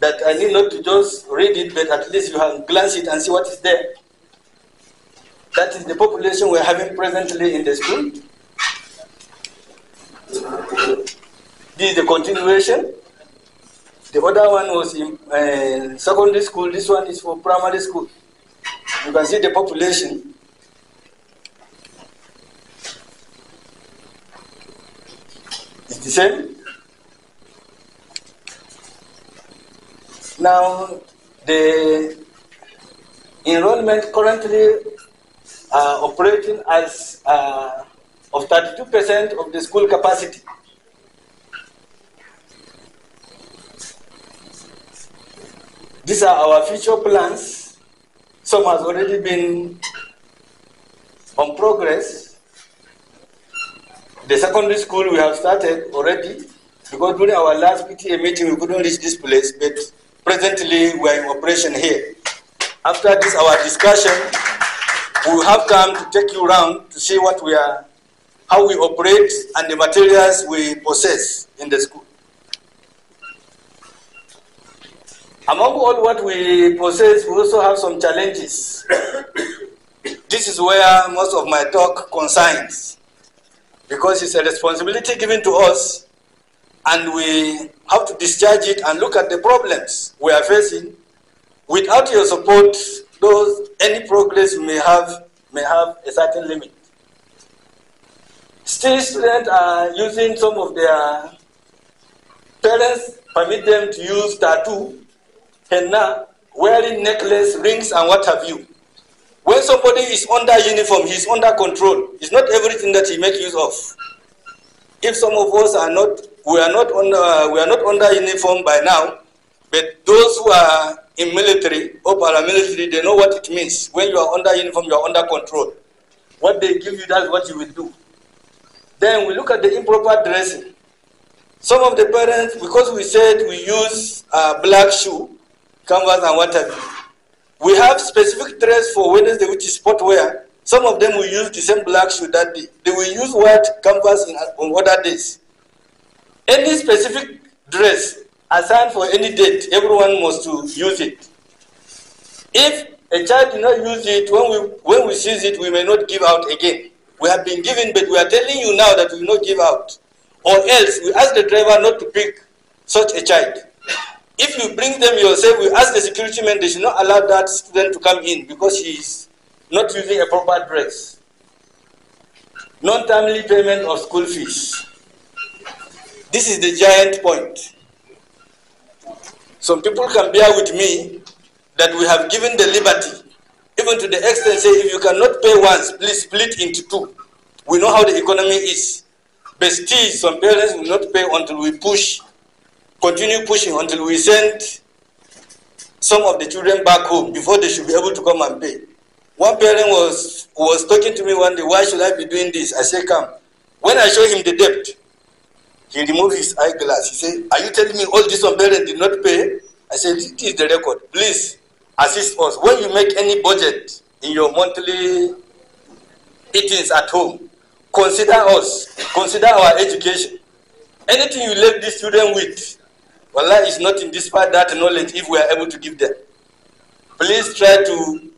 S12: That I need not to just read it, but at least you can glance it and see what is there. That is the population we're having presently in the school. This is the continuation. The other one was in uh, secondary school. This one is for primary school. You can see the population. It's the same. Now, the enrollment currently uh, operating as uh, of 32% of the school capacity. These are our future plans. Some has already been on progress the secondary school we have started already because during our last PTA meeting we couldn't reach this place, but presently we are in operation here. After this, our discussion, we will have time to take you around to see what we are, how we operate, and the materials we possess in the school. Among all what we possess, we also have some challenges. this is where most of my talk concerns because it's a responsibility given to us and we have to discharge it and look at the problems we are facing. Without your support, those, any progress may have, may have a certain limit. Still, students are using some of their parents permit them to use tattoo, henna, wearing necklace, rings, and what have you. When somebody is under uniform, he's under control. It's not everything that he makes use of. If some of us are not, we are not, on, uh, we are not under uniform by now, but those who are in military or paramilitary, they know what it means. When you are under uniform, you are under control. What they give you, that's what you will do. Then we look at the improper dressing. Some of the parents, because we said we use uh, black shoe, canvas and what have you, we have specific dress for Wednesday, which is sport wear. Some of them will use the same black shoe that day. They will use white canvas in, on other days. Any specific dress assigned for any date, everyone must to use it. If a child did not use it, when we, when we seize it, we may not give out again. We have been given, but we are telling you now that we will not give out. Or else, we ask the driver not to pick such a child. If you bring them yourself, we ask the security man, they should not allow that student to come in because he is not using a proper dress. Non-timely payment of school fees. This is the giant point. Some people can bear with me that we have given the liberty, even to the extent say if you cannot pay once, please split into two. We know how the economy is. Besties, some parents will not pay until we push continue pushing until we send some of the children back home before they should be able to come and pay. One parent was, was talking to me one day, why should I be doing this? I said, come. When I show him the debt, he removed his eyeglass. He said, are you telling me all these parents did not pay? I said, "This is the record. Please assist us. When you make any budget in your monthly eatings at home, consider us, consider our education. Anything you leave these children with, Allah is not in despite that knowledge if we are able to give them. Please try to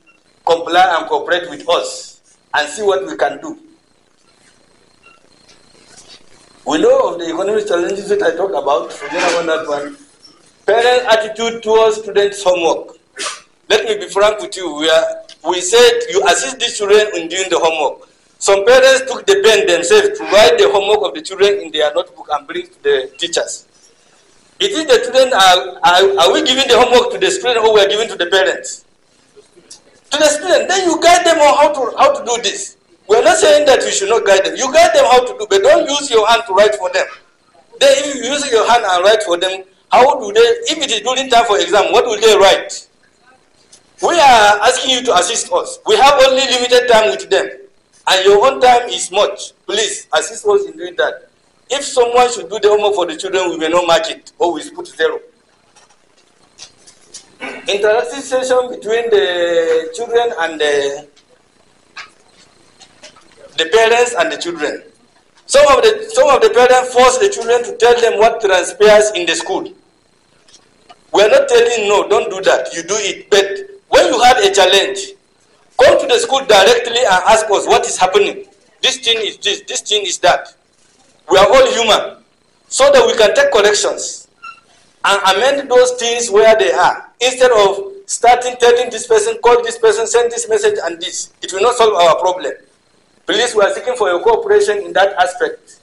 S12: comply and cooperate with us and see what we can do. We know of the economic challenges that I talked about, so that one. Parent attitude towards students' homework. Let me be frank with you. We, are, we said you assist the children in doing the homework. Some parents took the pen themselves to write the homework of the children in their notebook and bring it to the teachers. It is the children are, are, are we giving the homework to the student or we are giving to the parents? To the student. Then you guide them on how to how to do this. We are not saying that you should not guide them. You guide them how to do, but don't use your hand to write for them. Then if you use your hand and write for them, how do they if it is during time for exam, what will they write? We are asking you to assist us. We have only limited time with them. And your own time is much. Please assist us in doing that. If someone should do the homework for the children, we may not mark it, or we put zero. Interactive session between the children and the, the parents and the children. Some of the, some of the parents force the children to tell them what transpires in the school. We are not telling no, don't do that, you do it. But when you have a challenge, go to the school directly and ask us what is happening. This thing is this, this thing is that. We are all human. So that we can take corrections and amend those things where they are instead of starting telling this person, call this person, send this message and this. It will not solve our problem. Please, we are seeking for your cooperation in that aspect.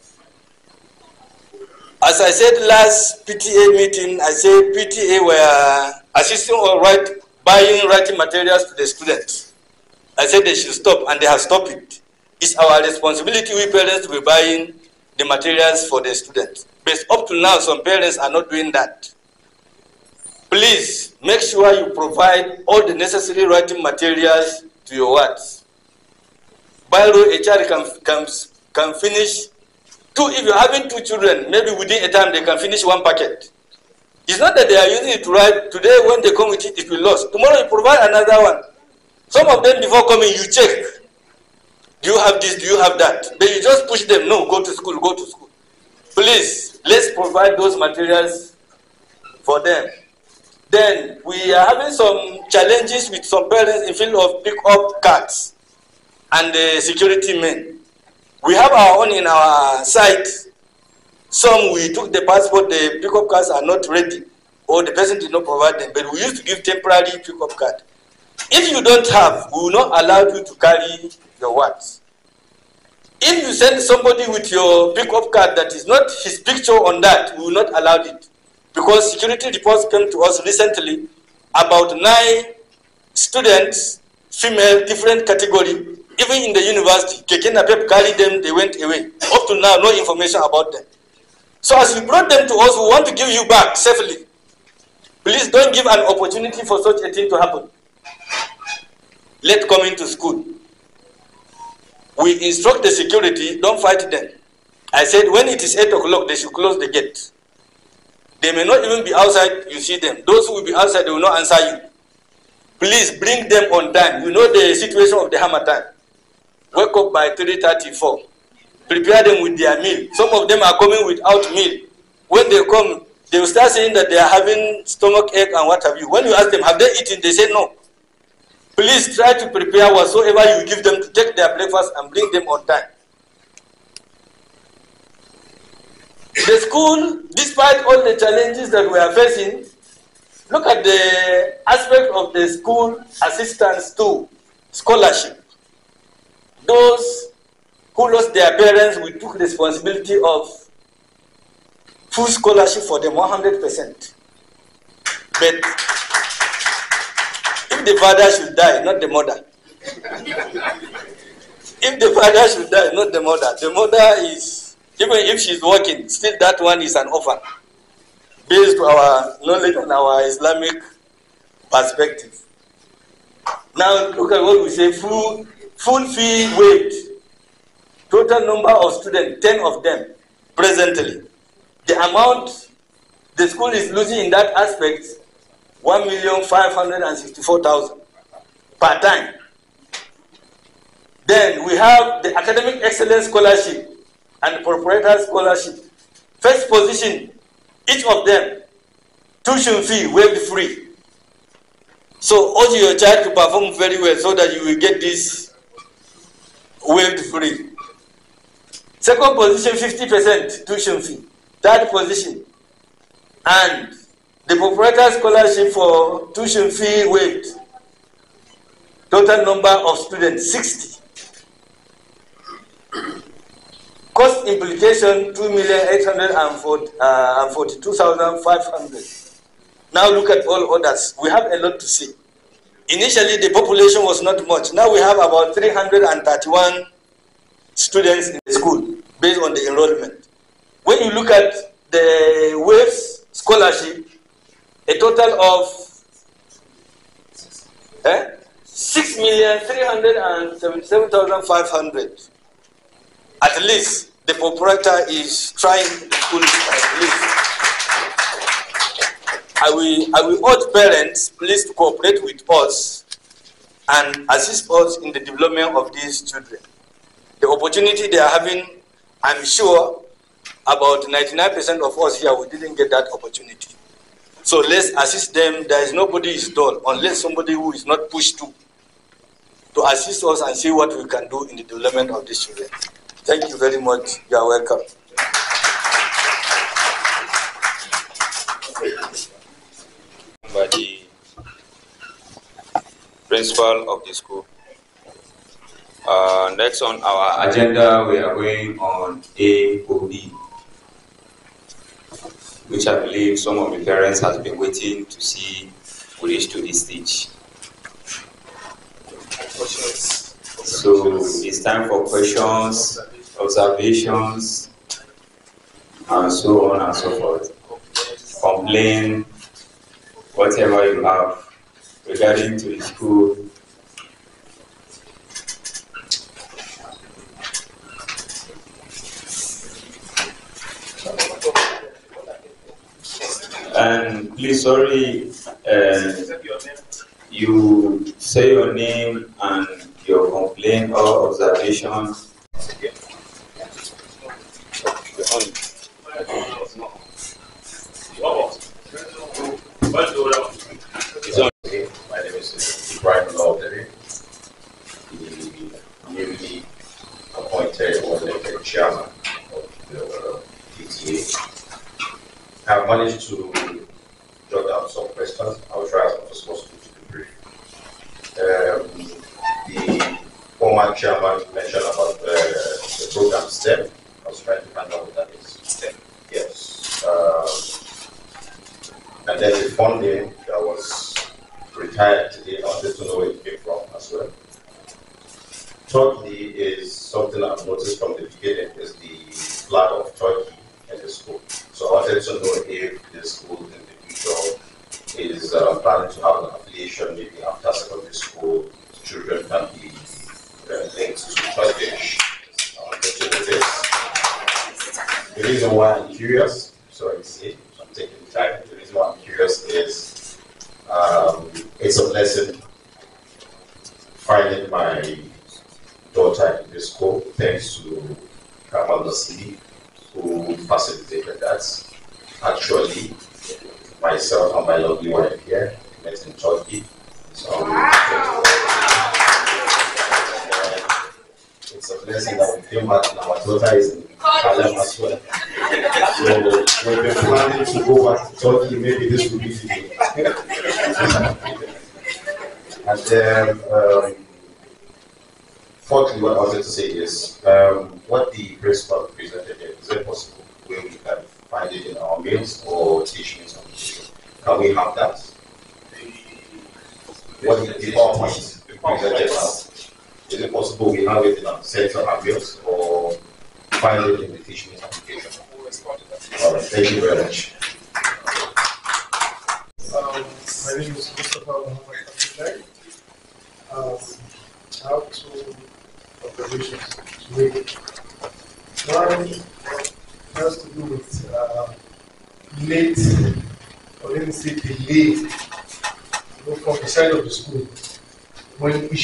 S12: As I said last PTA meeting, I said PTA were assisting or right, buying writing materials to the students. I said they should stop, and they have stopped it. It's our responsibility, we parents, to be buying the materials for the students. But up to now, some parents are not doing that. Please make sure you provide all the necessary writing materials to your words. a child can, can, can finish two, if you're having two children, maybe within a time they can finish one packet. It's not that they are using it to write, today when they come with it, it will lose. Tomorrow you provide another one. Some of them before coming, you check do you have this? Do you have that? Then you just push them. No, go to school, go to school. Please, let's provide those materials for them. Then we are having some challenges with some parents in field of pick up cards and the uh, security men. We have our own in our site. Some we took the passport, the pick up cards are not ready, or the person did not provide them. But we used to give temporary pick up card. If you don't have, we will not allow you to carry your words. If you send somebody with your pickup card that is not his picture on that, we will not allow it. Because security reports came to us recently about nine students, female, different category, even in the university, Kekena Pep carried them, they went away. Up to now, no information about them. So as we brought them to us, we want to give you back safely. Please don't give an opportunity for such a thing to happen. Let come into school we instruct the security, don't fight them. I said, when it is 8 o'clock, they should close the gate. They may not even be outside, you see them. Those who will be outside, they will not answer you. Please bring them on time. You know the situation of the hammer time. Wake up by 3.34. Prepare them with their meal. Some of them are coming without meal. When they come, they will start saying that they are having stomach ache and what have you. When you ask them, have they eaten? They say no. Please try to prepare whatsoever you give them to take their breakfast and bring them on time. The school, despite all the challenges that we are facing, look at the aspect of the school assistance to scholarship. Those who lost their parents, we took responsibility of full scholarship for them 100%. But the father should die, not the mother. if the father should die, not the mother. The mother is, even if she's working, still that one is an orphan, based on our knowledge and our Islamic perspective. Now, look at what we say full, full fee weight. Total number of students, 10 of them presently. The amount the school is losing in that aspect one million five hundred and sixty-four thousand per time. Then we have the Academic Excellence Scholarship and the Proprietor Scholarship. First position, each of them, tuition fee waived free. So urge your child to perform very well so that you will get this waived free. Second position, 50% tuition fee. Third position, and The proprietor scholarship for tuition fee waived. Total number of students 60. Cost implication 2,842,500. Uh, now look at all others. We have a lot to see. Initially, the population was not much. Now we have about 331 students in the school based on the enrollment. When you look at the WAVES scholarship, a total of eh, 6,377,500. At least the proprietor is trying to pull at least. I will, I will urge parents please to cooperate with us and assist us in the development of these children. The opportunity they are having, I'm sure about 99% of us here, we didn't get that opportunity. So let's assist them. There is nobody is dull unless somebody who is not pushed to to assist us and see what we can do in the development of this children. Thank you very much. You
S2: are welcome. By the principal of the school. Uh, next on our agenda, we are going on AOB, which I believe some of the parents has been waiting to see reach to this stage. So it's time for questions, observations, and so on and so forth. Complain, whatever you have regarding to the school And please, sorry, uh, you say your name and your complaint or observation. It's My name is Brian Ibrahim Lawdere. The newly appointed one-legged chairman of the PTA have managed to jot down some questions. I will try as much as possible to be brief. Um, the former chairman mentioned about uh, the program STEM. I was trying to find out what that is. STEM. Yes. Um, and then the funding that was retired today. I wanted to know where
S9: it came from as well. Thirdly, is something I've noticed from the beginning is the flag of Senator Doherty the school in the future is uh, planning to have an affiliation maybe after secondary school. Children can be uh, linked to Kurdish. Uh, the reason why I'm curious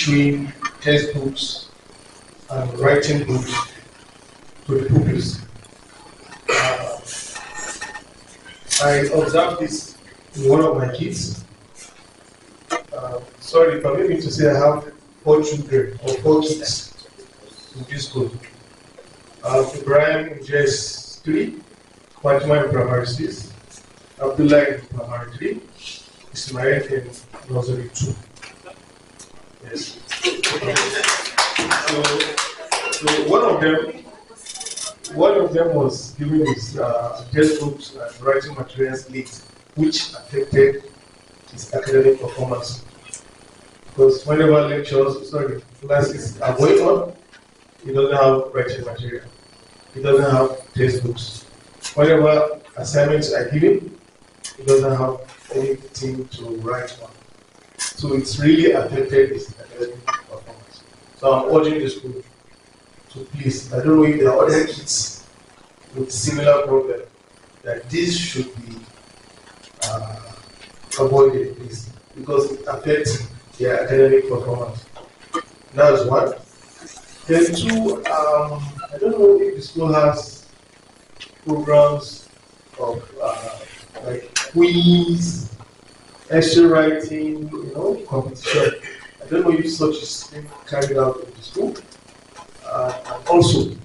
S11: issuing textbooks and writing books to the pupils. Uh, I observed this in one of my kids. Uh, sorry, permit me to say I have four children or four kids in this school: Uh, Ibrahim is three, Fatima in primary six, Abdullah in primary three, Ismail in nursery two this. So, so one of them, one of them was giving his uh, textbooks and writing materials late, which affected his academic performance. Because whenever lectures, sorry, classes are going on, he doesn't have writing material. He doesn't have textbooks. Whenever assignments are given, he doesn't have anything to write on. So it's really affected his academic performance. So I'm urging the school to please, I don't know if there are other kids with similar problem, that this should be uh, avoided, please, because it affects their academic performance. That is one. Then two, um, I don't know if the school has programs of uh, like quiz, essay writing, you know, competition then we use such as carried out in the school uh, and also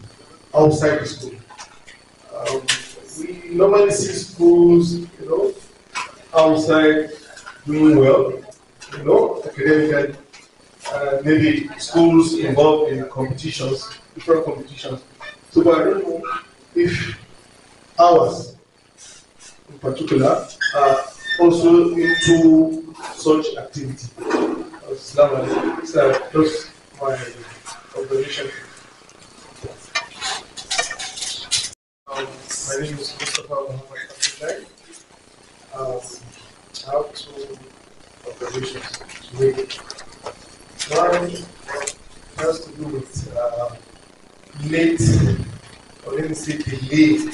S11: outside the school. Um, we normally see schools, you know, outside doing well, you know, academically. Uh, maybe schools involved in competitions, different competitions. So, but I don't know if ours in particular are also into such activity. السلام so those my observation um, my name is Mustafa Muhammad Abdullahi um, I have two to one has to do with uh, late or let me say delayed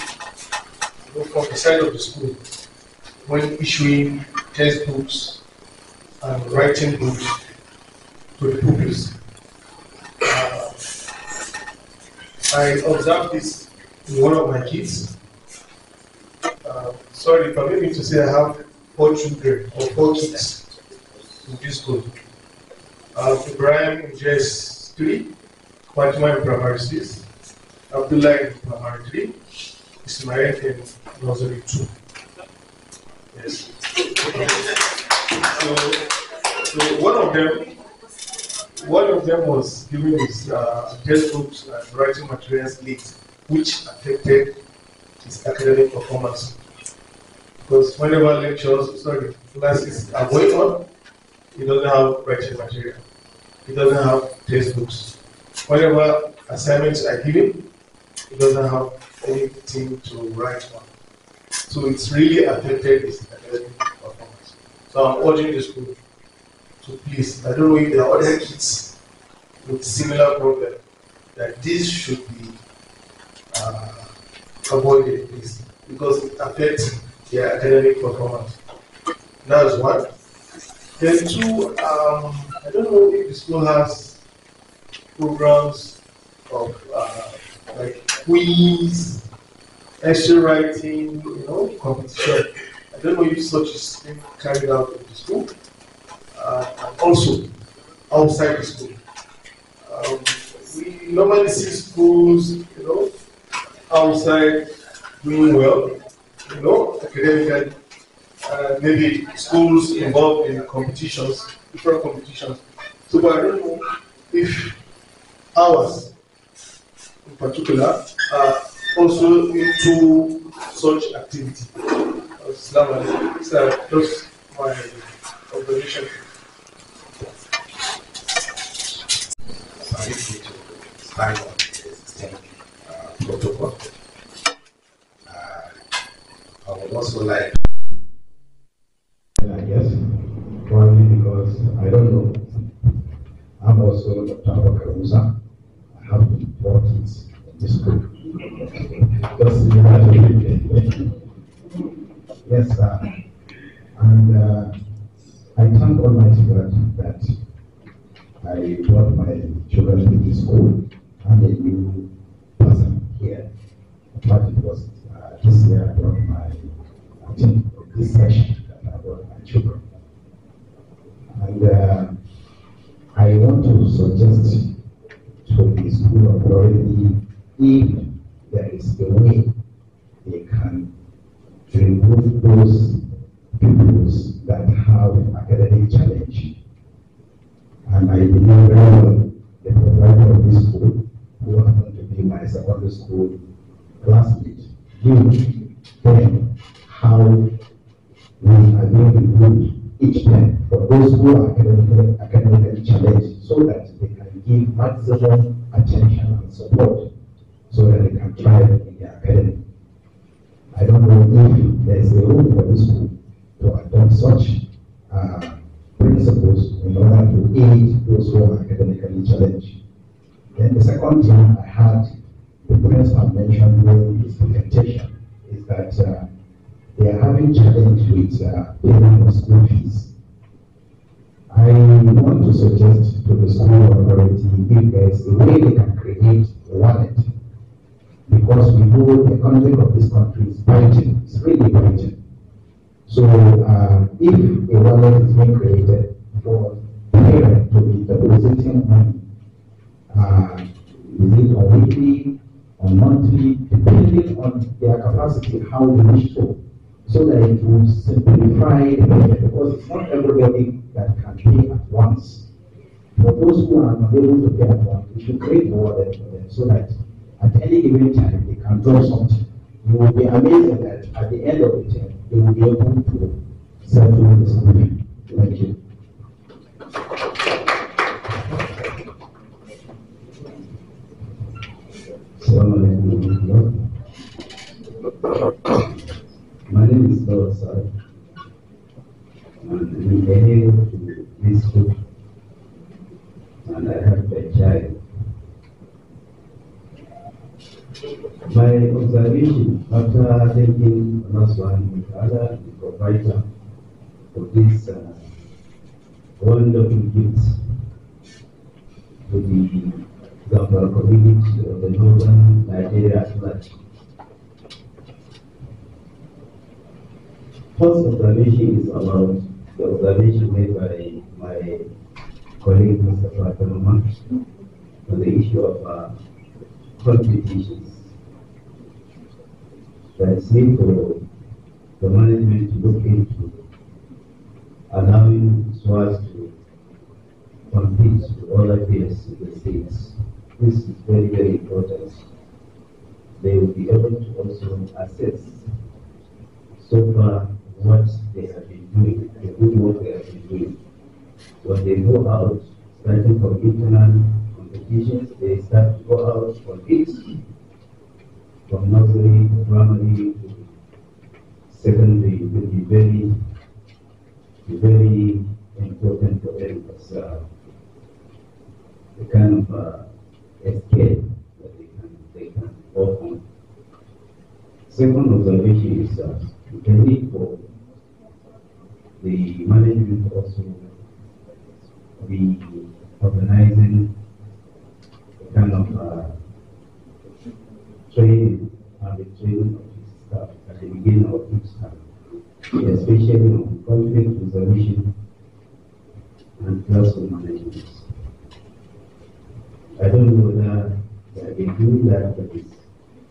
S11: from the side of the school when issuing textbooks and writing books with pupils. Uh, I observed this in one of my kids. Uh, sorry, permit me to say I have four children or four kids in this school. Uh, Ibrahim is three, Fatima in primary six, Abdullah in primary three, Ismail in nursery two. Yes. So, so one of them one of them was giving his uh, textbooks and writing materials late, which affected his academic performance. Because whenever lectures, sorry, classes are going on, he doesn't have writing material. He doesn't have textbooks. Whenever assignments are given, he doesn't have anything to write on. So it's really affected his academic performance. So I'm urging the school so please, I don't know if there are other kids with similar problem that this should be uh, avoided, please, because it affects their academic performance. That's one. Then two, um, I don't know if the school has programs of uh, like quiz, essay writing, you know, competition. I don't know if such is carried out in the school. Uh, also outside the school. Um, we normally see schools, you know, outside doing well, you know, academically. Uh, maybe schools involved in competitions, different competitions. So, but I don't know if ours, in particular, are also into such activity. Islam, so that's my observation. able to sign on
S9: the uh, protocol. I would also like and I guess probably because I don't know. I'm also Dr. Abakarusa. I have importance in this group. yes, sir. And uh, I thank Almighty God that I brought my children to this school. I'm a new person here. In fact, it was uh, this year I brought my, I think, this session that I brought my children. And uh, I want to suggest to the school authority if there is a way they can remove those pupils that have academic challenge and I well the proprietor of this school, who happened to be my secondary school classmate, viewed then how we are being improved each time for those who are academically, academically challenged so that they can give maximum attention and support payment of school fees. I want to suggest to the school authority if there is a way they can create a wallet because we know the economy of this country is biting, it's really biting. So uh, if a wallet is being created for parent to be depositing money, uh, is it weekly, or monthly, depending on their capacity, how they wish to so that it will simplify because it's not everybody that can pay at once. For those who are able to pay at once, we should create more than for them so that at any given time they can draw something. You will be amazed that at the end of the term they will be able to settle this money. Thank you. So. My name is Lord Sir, and we are here to this and I have a child. My observation after taking Allah subhanahu wa the provider for this uh, wonderful gift to the Gambara community of the Northern Nigeria Atlantic. First observation is about the observation made by my colleague Mr. Fatima on the issue of uh, competitions. That is need for the management to look into allowing SWAS to compete with other peers in the states. This is very, very important. They will be able to also assess so far what they have been doing, the good work they have been doing. When they go out, starting from internal competitions, they start to go out for kids from nursery, primary, secondary will be very, very important for them as uh, the kind of uh, escape that they can, they can work on. Second observation is uh, the need for the management also, be organizing kind of uh, training and the training of its staff at the beginning of each time, especially on conflict resolution and classroom management. I don't know that they have doing that, but it's,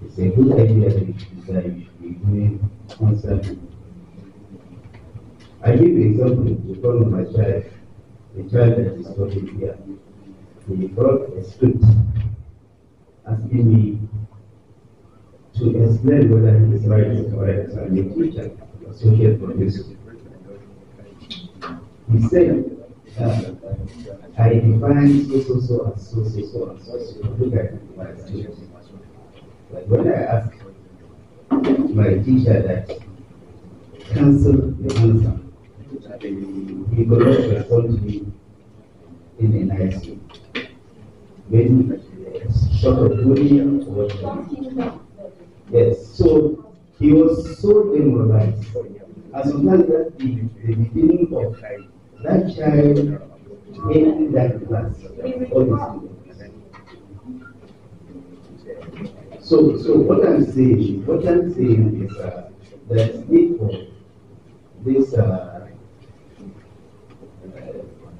S9: it's a good idea that you should be doing constantly I give an example one of my child, the child that is talking here. He brought a script asking me
S2: to explain whether is right is correct and the teacher social producer. He said uh, I define so so so
S9: as so so so as so so look at my students. But when I ask my teacher that cancel the answer the economic authority in the NIC when short of money and what Yes, so he was so demoralized. As soon as that the, the beginning of life, that child in that class, all So, so what I'm saying, what I'm saying is uh, that if this uh,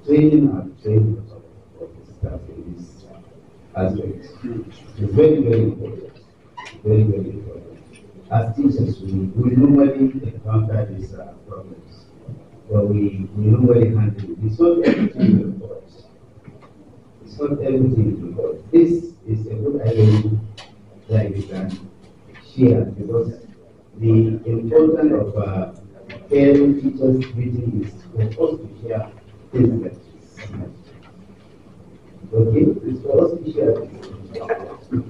S9: training and training of the staff in this aspect is very, very important. Very, very important. As teachers, we, we normally encounter these uh, problems, but we, we normally handle it. It's not everything we the It's not everything we the This is a good idea that you can share because the importance of uh, teachers meeting is for us to share Okay, this was Isha.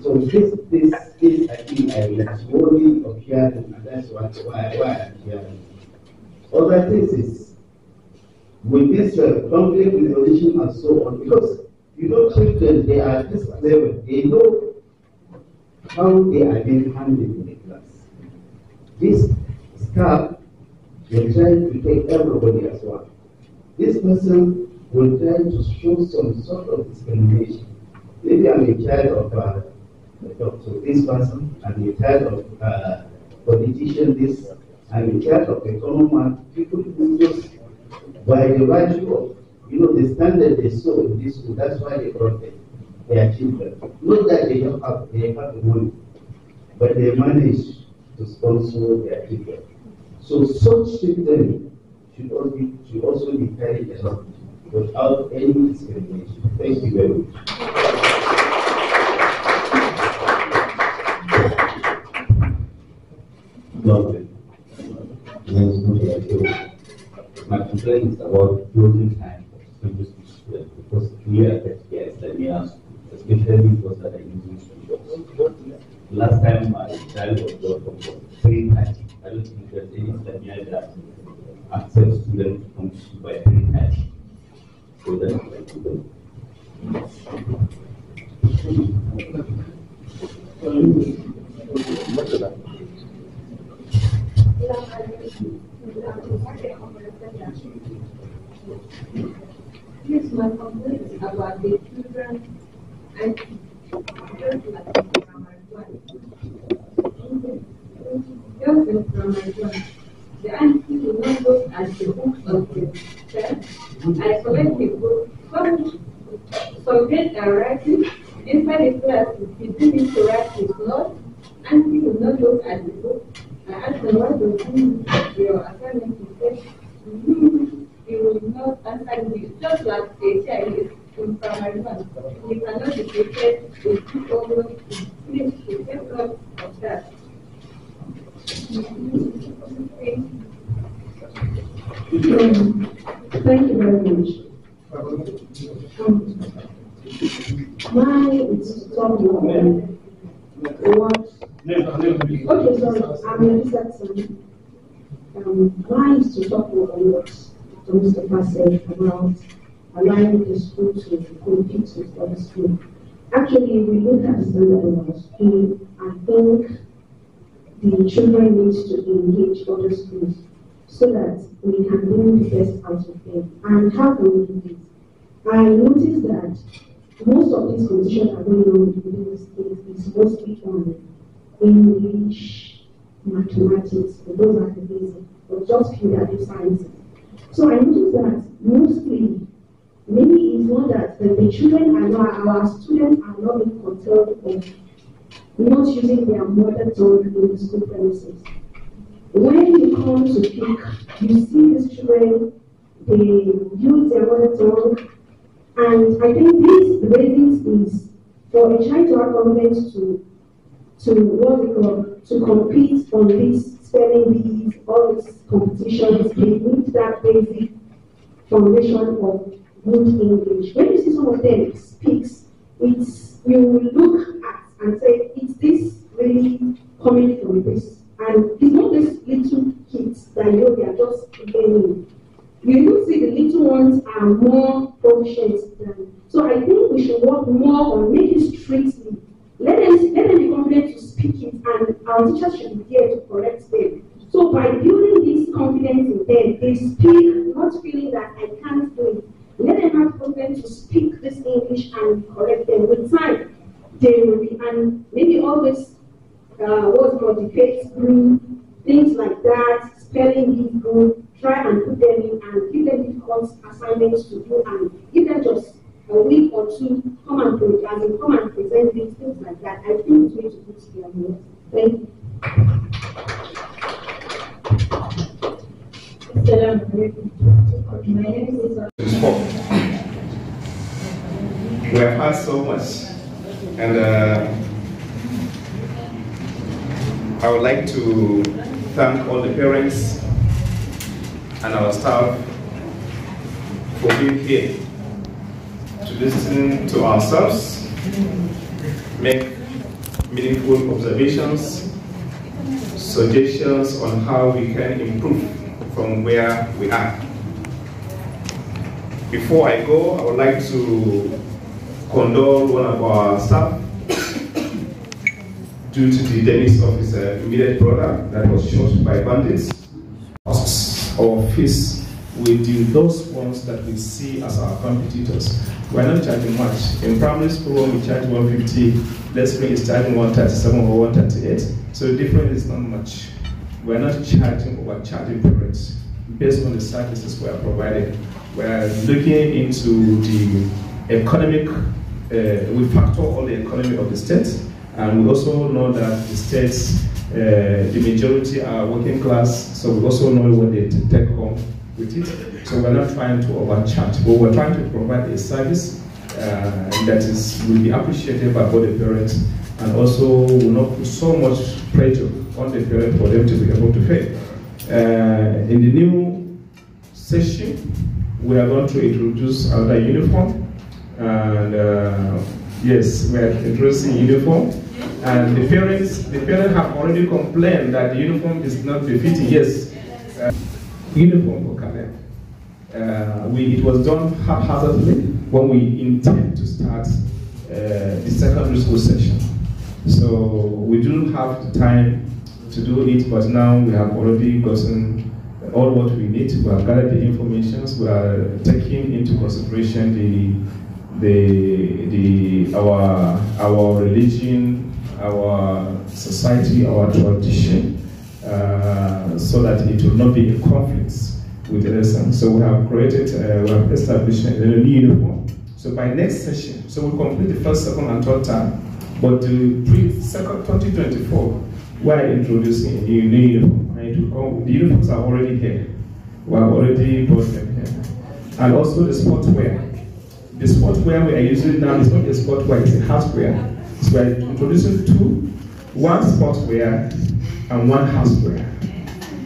S9: So this, this, this, I think I slowly appeared, and that's what, why, why I'm here. Other things is, with this uh, conflict resolution and so on, because you know children, they are this level, they know how they are being handled in the class. This staff, they try to take everybody as one. This person will tend to show some sort of discrimination. Maybe I'm a child of uh, doctor, this person, I'm a child of a uh, politician, this, I'm a child of a common man. People who just, by the virtue of, you know, the standard they saw in this school, that's why they brought them, their children. Not that they don't have, they have the money, but they manage to sponsor their children. So such children should also be, should also be carried along without any discrimination. Thank you very much. Lovely. My complaint is about closing time for students because here at SPS, I mean, especially those that are using.
S11: students. Last time my child was brought from 3 I don't think there's any Islamia that access to my complaint about the children
S7: and children at Ramadan. The anti union and the books of the church and collective groups formed Soviet a writing inside the class beginning to write his notes, Anthony would not look at the book. I asked him what was your assignment. He said, mm, he will not answer me. Just like a child is in primary one. He cannot be treated with two problems. He kept of that. Um, thank you very much. Um, my story um, what? Okay, sorry, I'm Elisa Tsan. Um, mine is to talk about what Mr. Passer about aligning the school to compete with other school. Actually, we don't the standard of our school, I think the children need to engage other schools so that we can bring the best out of them. And how can we do this? I noticed that most of these conditions are going on in the States is mostly on English, mathematics, those are the basic, or just purely sciences. So I noticed that mostly, maybe it's not that the children are not, our students are not being controlled of not using their mother tongue in the school premises. When you come to pick, you see these children, they use their mother tongue, and I think this raises is for a child to have confidence to to what they call to compete on these spelling bees, all these competitions, they need that basic foundation of good English. When you see some of them speaks, it's you look at and say, is this really coming from this? And it's not these little kids that you know they are just learning. You will see the little ones are more proficient than. So I think we should work more on making strictly. Let them let them be confident to speak it, and our teachers should be there to correct them. So by building this confidence in them, they speak not feeling that I can't do it. Let them have confidence to speak this English and correct them with time daily and maybe always uh, what's called debates group, things like that, spelling bee try and put them in and give them difficult assignments to do and give them just a week or two, come and present, I mean, come and present these things like that. I think it's way to do together. Thank you.
S5: We have had so much and uh, I would like to thank all the parents and our staff for being here to listen to ourselves, make meaningful observations, suggestions on how we can improve from where we are. Before I go, I would like to condole one of our staff due to the demise of his immediate brother that was shot by bandits. Asks our fees, we do those ones that we see as our competitors. We are not charging much. In primary school, we charge 150, let's bring is charging 137 or 138, so the difference is not much. We are not charging or charging parents based on the services we are providing. We are looking into the economic uh, we factor all the economy of the state, and we also know that the states, uh, the majority are working class, so we also know what they take home
S11: with it.
S5: So we're not trying to overcharge, but we're trying to provide a service uh, that is will be appreciated by both the parents and also will not put so much pressure on the parent for them to be able to pay. Uh, in the new session, we are going to introduce another uniform and uh, yes, we are introducing uniform. And the parents, the parents have already complained that the uniform is not befitting. Yes, uh, uniform for Caleb. Uh, we, it was done haphazardly when we intend to start uh, the secondary school session. So we didn't have the time to do it, but now we have already gotten all what we need. We have gathered the information, we are taking into consideration the the, the, our, our religion, our society, our tradition, uh, so that it will not be in conflict with the lesson. So we have created, uh, we have established a new uniform. So by next session, so we'll complete the first, second, and third time. But the pre second 2024, we are introducing a new, new uniform. And it will come, the uniforms are already here. We have already brought them here. And also the sportswear. The spot where we are using now is not a spot where it's a house prayer. So we're introducing two, one spot prayer and one house prayer.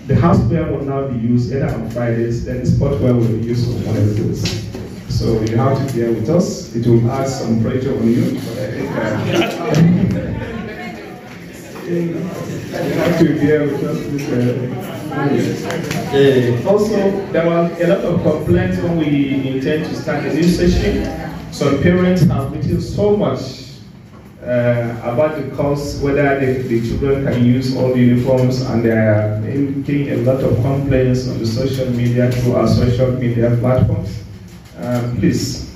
S5: The house prayer will now be used either on Fridays, then the spot will be used on Wednesdays. So you have to bear with us. It will add some pressure on you, but I think uh,
S11: you have to bear with us. uh,
S5: uh, also,
S11: there were a lot
S5: of complaints when we intend to start a new session. Some parents have written so much uh, about the cost, whether the, the, children can use all the uniforms, and they are making a lot of complaints on the social media through our social media platforms. Uh, please,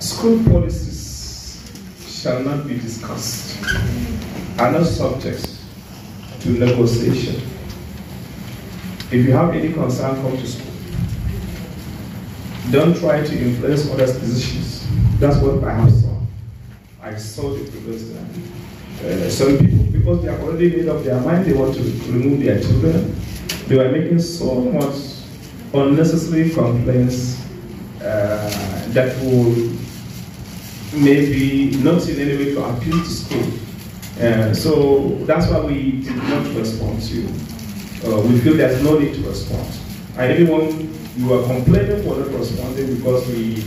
S5: school policies shall not be discussed, are not subject to negotiation. If you have any concern, come to school. Don't try to influence others' decisions. That's what I have saw. I saw the previous time. Uh, some people, because they have already made up their mind, they want to remove their children. They were making so much unnecessary complaints uh, that will maybe not in any way to appeal to school. Uh, so that's why we did not respond to you uh, we feel there's no need to respond. And anyone you are complaining for not responding because we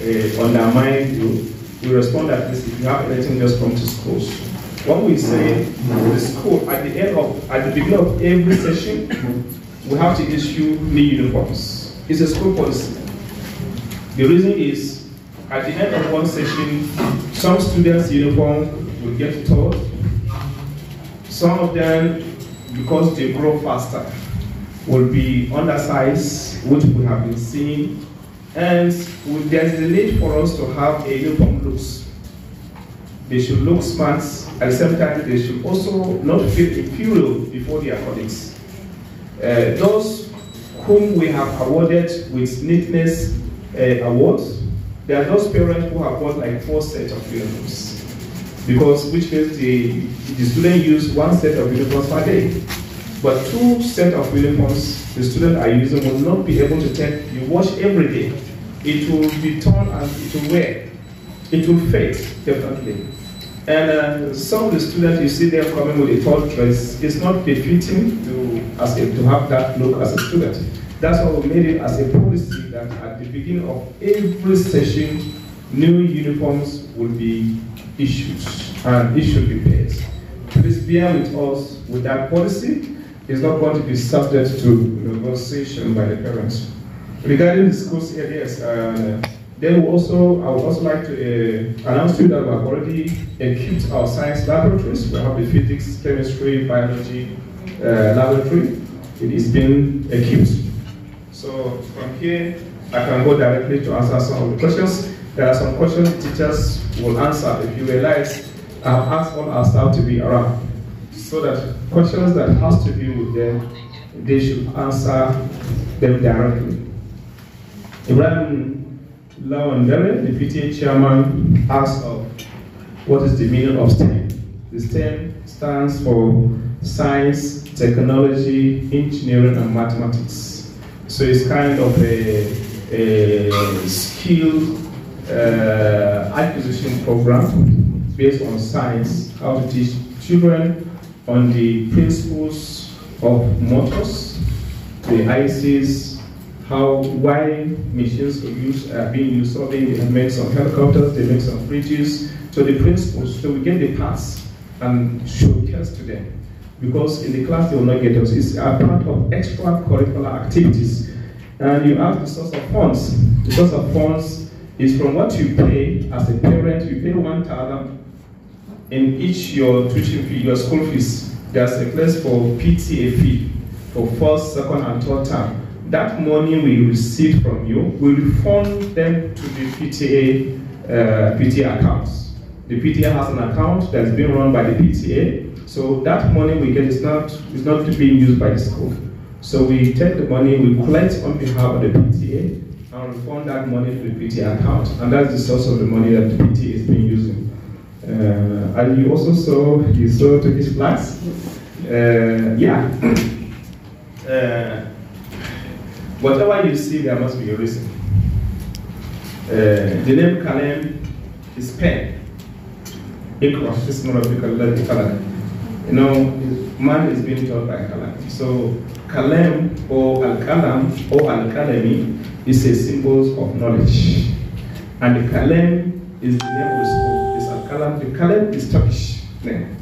S5: uh, undermine you. We respond at least if you have anything, just come to schools. What we say, the school at the end of, at the beginning of every session, we have to issue new uniforms. It's a school policy. The reason is, at the end of one session, some students' uniform will get torn. Some of them because they grow faster, will be undersized, which we have been seeing, and there's the need for us to have a uniform look. They should look smart, and sometimes they should also not feel inferior before their colleagues. Uh, those whom we have awarded with neatness uh, awards, there are those parents who have bought like four sets of uniforms. Because which means the, the student use one set of uniforms per day. But two set of uniforms the student are using will not be able to take You wash every day. It will be torn and it will wear. It will fade, definitely. And uh, some of the students you see there coming with a tall dress, it's not befitting to, as a, to have that look as a student. That's why we made it as a policy that at the beginning of every session, new uniforms will be issues and issues debates. be paid. Please bear with us with that policy. It's not going to be subject to negotiation by the parents. Regarding the school's areas, uh, they will also, I would also like to uh, announce to you that we have already equipped our science laboratories. We have the physics, chemistry, biology uh, laboratory. It is being equipped. So from here, I can go directly to answer some of the questions. There are some questions teachers will answer if you realize I've asked all our staff to be around. So that questions that has to be with them, they should answer them directly. Ibrahim Lawandere, Deputy Chairman, asked of uh, what is the meaning of STEM. The STEM stands for Science, Technology, Engineering, and Mathematics. So it's kind of a, a skill uh, acquisition program based on science, how to teach children on the principles of motors, the ICs, how why machines are, used, are being used. So they make some helicopters, they make some fridges. So the principles, so we get the parts and show showcase to them. Because in the class they will not get those. It's a part of extracurricular activities. And you have the source of funds. The source of funds is from what you pay as a parent. You pay one thousand in each your tuition fee, your school fees. There's a place for PTA fee for first, second, and third term. That money we receive from you, we refund them to the PTA uh, PTA accounts. The PTA has an account that's being run by the PTA, so that money we get is not is not being used by the school. So we take the money, we collect on behalf of the PTA, and um, refund that money to the PT account. And that's the source of the money that the PT is being using. Uh, and you also saw, you saw Turkish flags. Uh, yeah. Uh, whatever you see, there must be a reason. Uh, the name Kalem is pen. Ikra, it's not a big You know, man is being taught by Kalam. So Kalem or Al-Kalam or Al-Kalami is a symbol of knowledge. And the Kalem is the name of the school. It's Al-Kalam. The Kalem is Turkish name.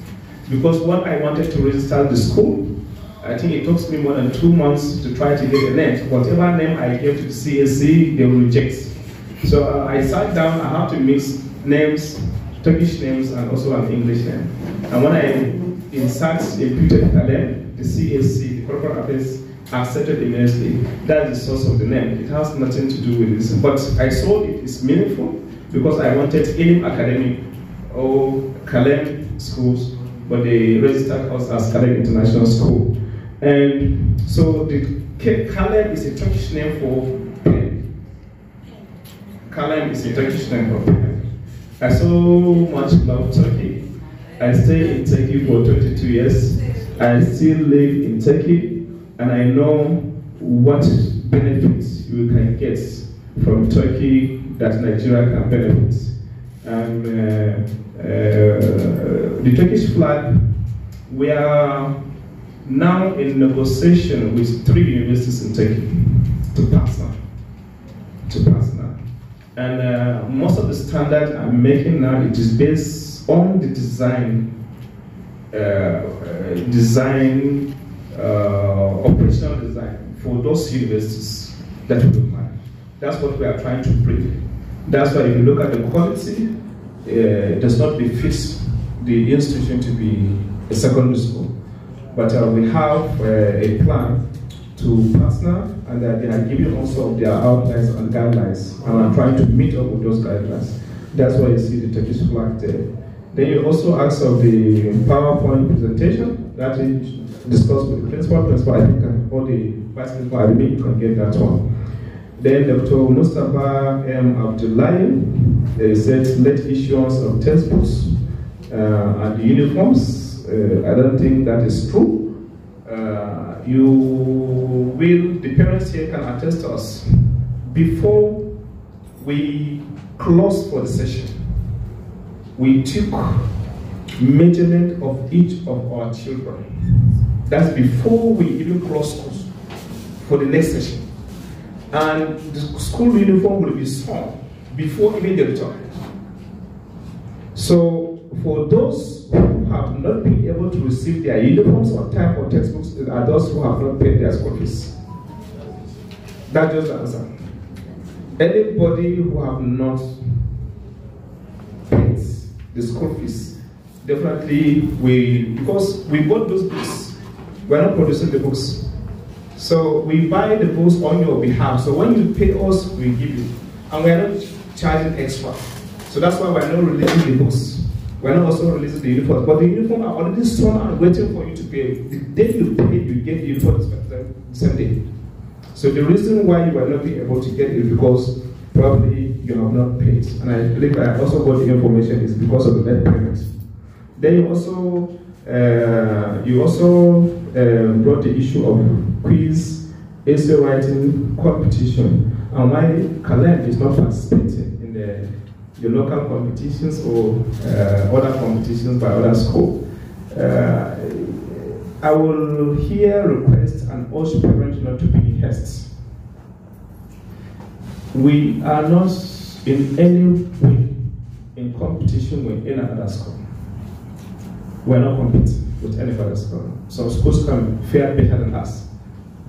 S5: Because when I wanted to register the school, I think it took me more than two months to try to get a name. Whatever name I gave to the CSC, they will reject. So uh, I sat down, I had to mix names, Turkish names, and also an English name. And when I insert a computer Kalem, the CSC proper accepted are immediately. That is the source of the name. It has nothing to do with this. But I saw it is meaningful because I wanted any Academic or Kalem schools, but they registered us as Kalem International School. And so the Kalem is a Turkish name for pen. Kalem is a Turkish name for pen. I so much love Turkey. I stayed in Turkey for 22 years I still live in Turkey and I know what benefits you can get from Turkey that Nigeria can benefit. And uh, uh, the Turkish flag, we are now in negotiation with three universities in Turkey to partner, to partner. And uh, most of the standards I'm making now, it is based on the design uh, design, uh, operational design for those universities that we manage. That's what we are trying to bring. That's why if you look at the quality, uh, it does not befit the institution to be a secondary school. But we have a plan to partner and uh, they are giving also their outlines and guidelines and are trying to meet up with those guidelines. That's why you see the Turkish flag there. Then you also asked of the PowerPoint presentation that is discussed with the principal. Principal, I think, or the vice principal, I believe you can get that one. Then Dr. Mustafa M. Abdullahi uh, said late issuance of textbooks uh, and uniforms. Uh, I don't think that is true. Uh, you will, the parents here can attest to us, before we close for the session, we took measurement of each of our children. That's before we even cross schools for the next session. And the school uniform will be sewn before even the return. So for those who have not been able to receive their uniforms on time or textbooks are those who have not paid their school fees. That's just the answer. Anybody who have not the school fees. Definitely, we because we bought those books, we're not producing the books. So we buy the books on your behalf. So when you pay us, we give you. And we're not charging extra. So that's why we're not releasing the books. We're not also releasing the uniforms. But the uniforms are already sewn and waiting for you to pay. The day you pay, you get the uniforms the same day. So the reason why you are not able to get it because probably you have not paid. And I believe I also got the information is because of the late payment. Then you also uh, you also um, brought the issue of quiz essay writing competition and why Kalem is not participating in the the local competitions or uh, other competitions by other schools. Uh, I will here request and urge parents not to be in We are not in any way in competition with any other school. We're not competing with any other school. Some schools can fare better than us,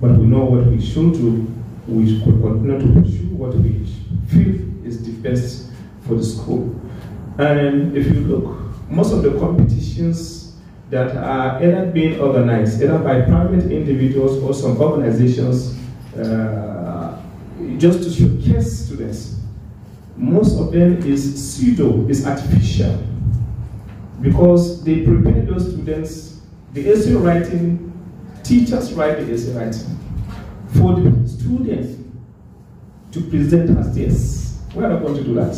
S5: but we know what we should do. We could continue to pursue what we feel is the best for the school. And if you look, most of the competitions that are either being organized, either by private individuals or some organizations, uh, just to showcase students most of them is pseudo, is artificial. Because they prepare those students, the essay writing, teachers write the essay writing for the students to present as this. We are not going to do that.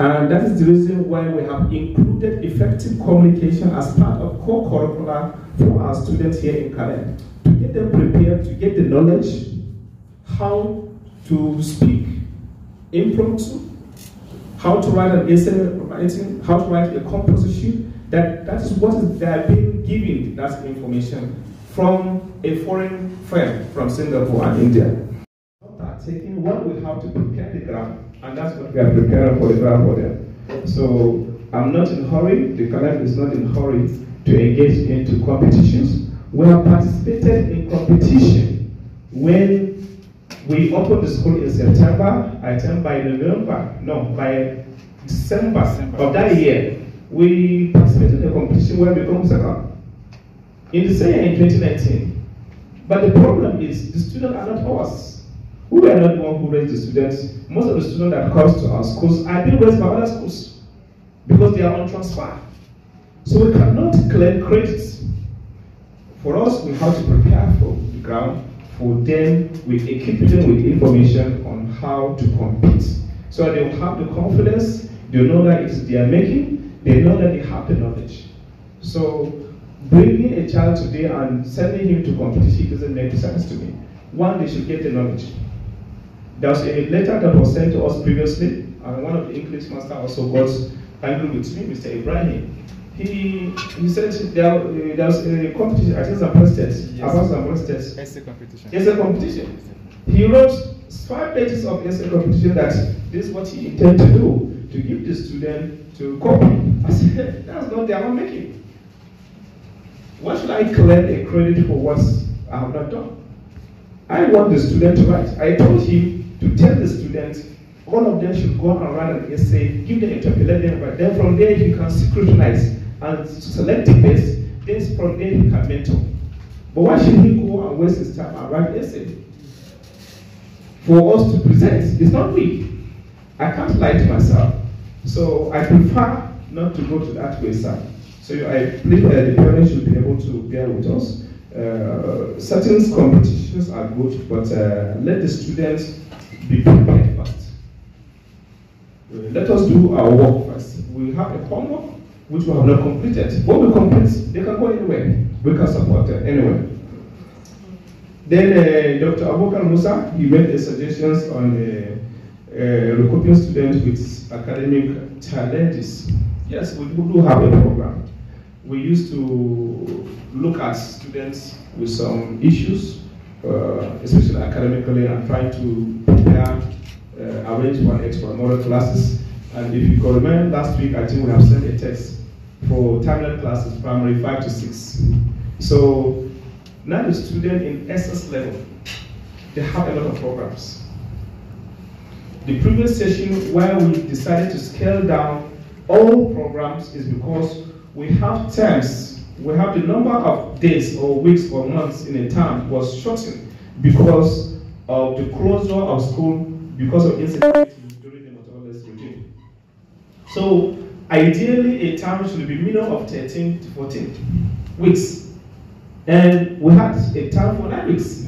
S5: And that is the reason why we have included effective communication as part of core curricula for our students here in Calais to get them prepared, to get the knowledge how to speak impromptu, how to write an essay writing, how to write a composition. That, that is what they are being given that information from a foreign friend from Singapore and India. Taking what we have to prepare the graph, and that's what we are preparing for the graph for them. So I'm not in hurry, the college is not in hurry to engage into competitions. We have participated in competition when we opened the school in September. I think by November, no, by December, December. of that year, we participated in a competition where we come second in the same year in 2019. But the problem is the students are not ours. We are not the one who raised the students. Most of the students that comes to our schools are being raised by other schools because they are on transfer. So we cannot claim credits. For us, we have to prepare for the ground for them, we equip them with information on how to compete. So they will have the confidence, they know that it's their making, they know that they have the knowledge. So bringing a child today and sending him to competition doesn't make sense to me. One, they should get the knowledge. There was a letter that was sent to us previously, and one of the English master also got angry with me, Mr. Ibrahim, he he said there, uh, there was a competition against Zamfara State yes. about Zamfara State. Essay competition. Essay competition. He wrote five pages of essay competition that this is what he intended to do to give the student to copy. I said that's not their own making. Why should I claim a credit for what I have not done? I want the student to write. I told him to tell the students all of them should go and write an essay, give them a topic, let them write. Then from there you can scrutinize and selecting this, things from he can mentor. But why should he go and waste his time and write essay? For us to present, it's not me. I can't lie to myself. So I prefer not to go to that way, sir. So I believe that the parents should be able to bear with us. Uh, certain competitions are good, but uh, let the students be prepared first. Let us do our work first. We have a homework which we have not completed. When we complete, they can go anywhere. We can support them anywhere. Then uh, Dr. Abokar Musa, he made the suggestions on uh, uh, recruiting students with academic challenges. Yes, we do have a program. We used to look at students with some issues, uh, especially academically, and try to prepare, uh, arrange for extra model classes. And if you can remember last week, I think we have sent a test for tablet classes, primary 5 to 6. So now the student in SS level, they have a lot of programs. The previous session where we decided to scale down all programs is because we have terms, we have the number of days or weeks or months in a term was shortened because of the closure of school because of insecurity during the So Ideally, a term should be minimum of 13 to 14 weeks. And we had a term for nine weeks,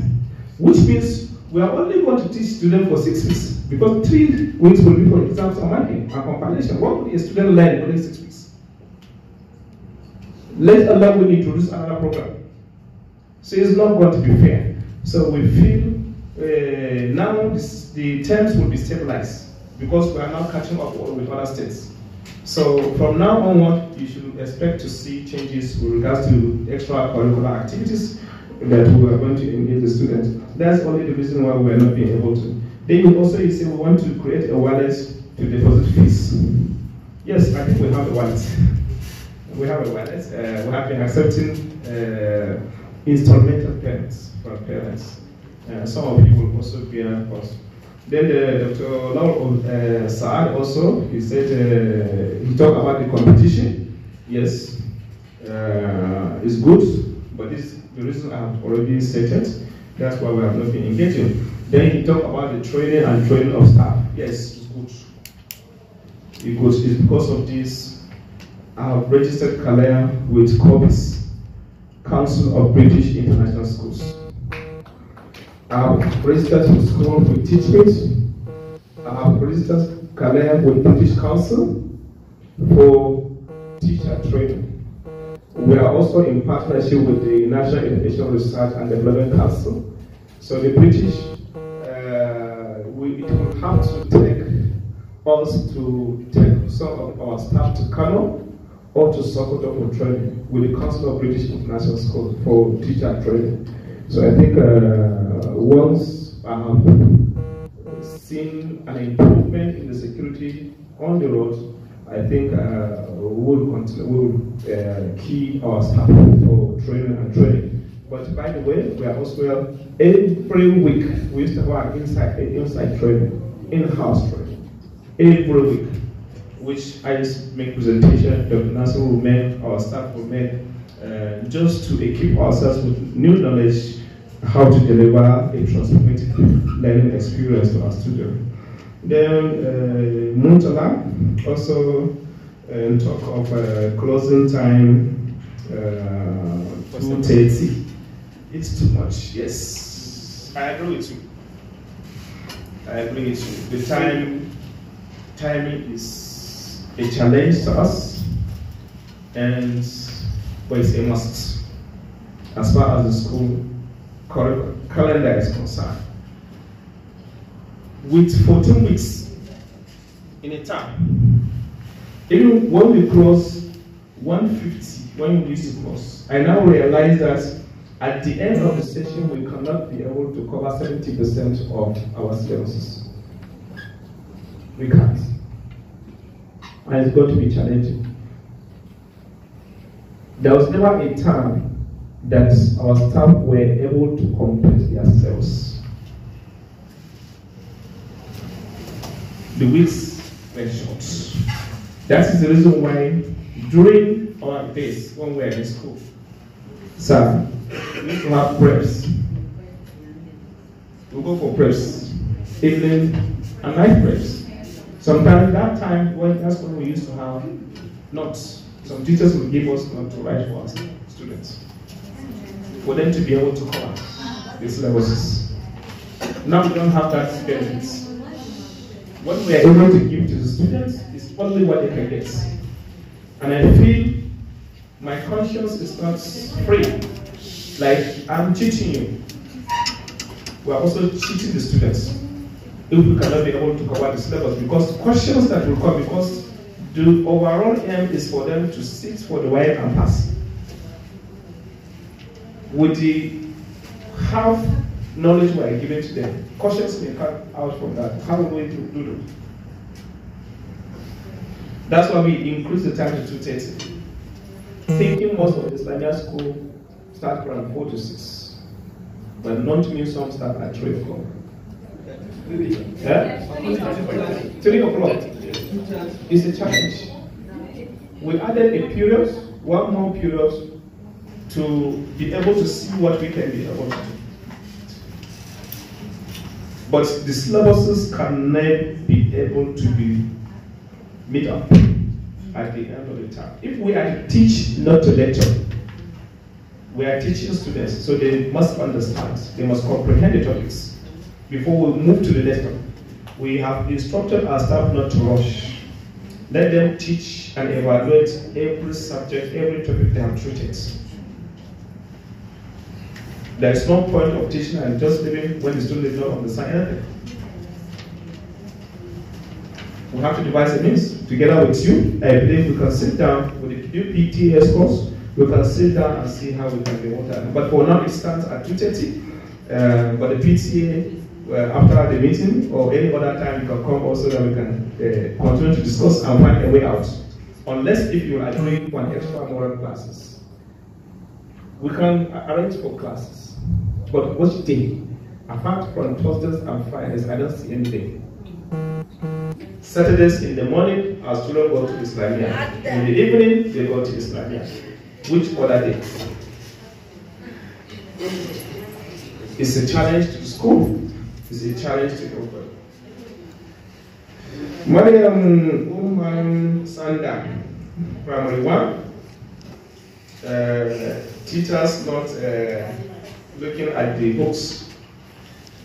S5: which means we are only going to teach students for six weeks because three weeks will be for exams and marking and compilation. What would a student learn only six weeks? Let alone we introduce another program. So it's not going to be fair. So we feel uh, now this, the terms will be stabilized because we are now catching up with other states. So from now onward, you should expect to see changes with regards to extracurricular activities that we are going to engage the students. That's only the reason why we are not being able to. They will also say we want to create a wallet to deposit fees. Yes, I think we have a wallet. we have a wallet. Uh, we have been accepting uh, instrumental payments from parents. Uh, some of you will also bear costs then uh, Dr. Laul uh, Saad also, he said, uh, he talked about the competition. Yes, uh, it's good, but this the reason I have already stated. That's why we have not been engaging. Then he talked about the training and training of staff. Yes, it's good. It goes, it's because of this, I have registered Kalea with COBIS, Council of British International Schools. Our have registered for school with teachers. I've registered career with British Council for teacher training. We are also in partnership with the National Education Research and Development Council. So the British, uh, we, it will have to take us to take some of our staff to Kano or to Sokoto for training with the Council of British International Schools for teacher training. So I think uh, once I have seen an improvement in the security on the road, I think uh, we will, continue, we will uh, key our staff for training and training. But by the way, we are also every week we used to have our inside inside training, in-house training, every week, which I just make presentation. Dr. Nasser will make our staff will make uh, just to equip ourselves with new knowledge how to deliver a transformative learning experience to our students. Then uh, Muntala also uh, talk of uh, closing time uh, 2.30. It's too much, yes. I agree with you. I agree with you. The time, timing is a challenge to us, and but it's a must. As far as the school calendar is concerned. With 14 weeks in a term, even when we cross 150, when we used to cross, I now realize that at the end of the session, we cannot be able to cover 70% of our services. We can't. And it's going to be challenging. There was never a time that our staff were able to complete their sales. The weeks were short. That is the reason why during our days when we were in school, sir, we used to have preps. We we'll go for preps, evening and night preps. Sometimes that time when that's when we used to have Notes. some teachers would give us notes to write for us students for them to be able to cover these levels. Now we don't have that experience. What we are able to give to the students is only what they can get. And I feel my conscience is not free. Like I'm teaching you. We are also teaching the students. If we cannot be able to cover these levels, because questions that will come, because the overall aim is for them to sit for the while and pass with the half knowledge we are giving to them. Questions may come out from that. How are we going to do that? That's why we increase the time to 2.30. Thinking most of the Spaniard school start from 4 to 6. But not new some start at 3 o'clock. Yeah? 3 o'clock. It's a challenge. We added a period, one more period to be able to see what we can be able to do. But the syllabuses cannot be able to be made up at the end of the term. If we are teach, not to lecture, we are teaching students, so they must understand, they must comprehend the topics before we move to the lecture. We have instructed our staff not to rush. Let them teach and evaluate every subject, every topic they have treated. There is no point of teaching and just living when the student is not on the understanding We have to devise a means together with you. I believe we can sit down with the new PTS course. We can sit down and see how we can be water. But for now, it stands at 2.30. Uh, um, but the PTA, uh, after the meeting or any other time, you can come also that we can uh, continue to discuss and find a way out. Unless if you are doing one extra moral classes. We can arrange for classes. But what day? Apart from Thursdays and Fridays, I don't see anything. Saturdays in the morning, our students go to Islamia. In the evening, they go to Islamia. Which other day? It's a challenge to school. It's a challenge to everybody. Mariam Uman Sanda, primary one. Uh, teachers not uh, looking at the books.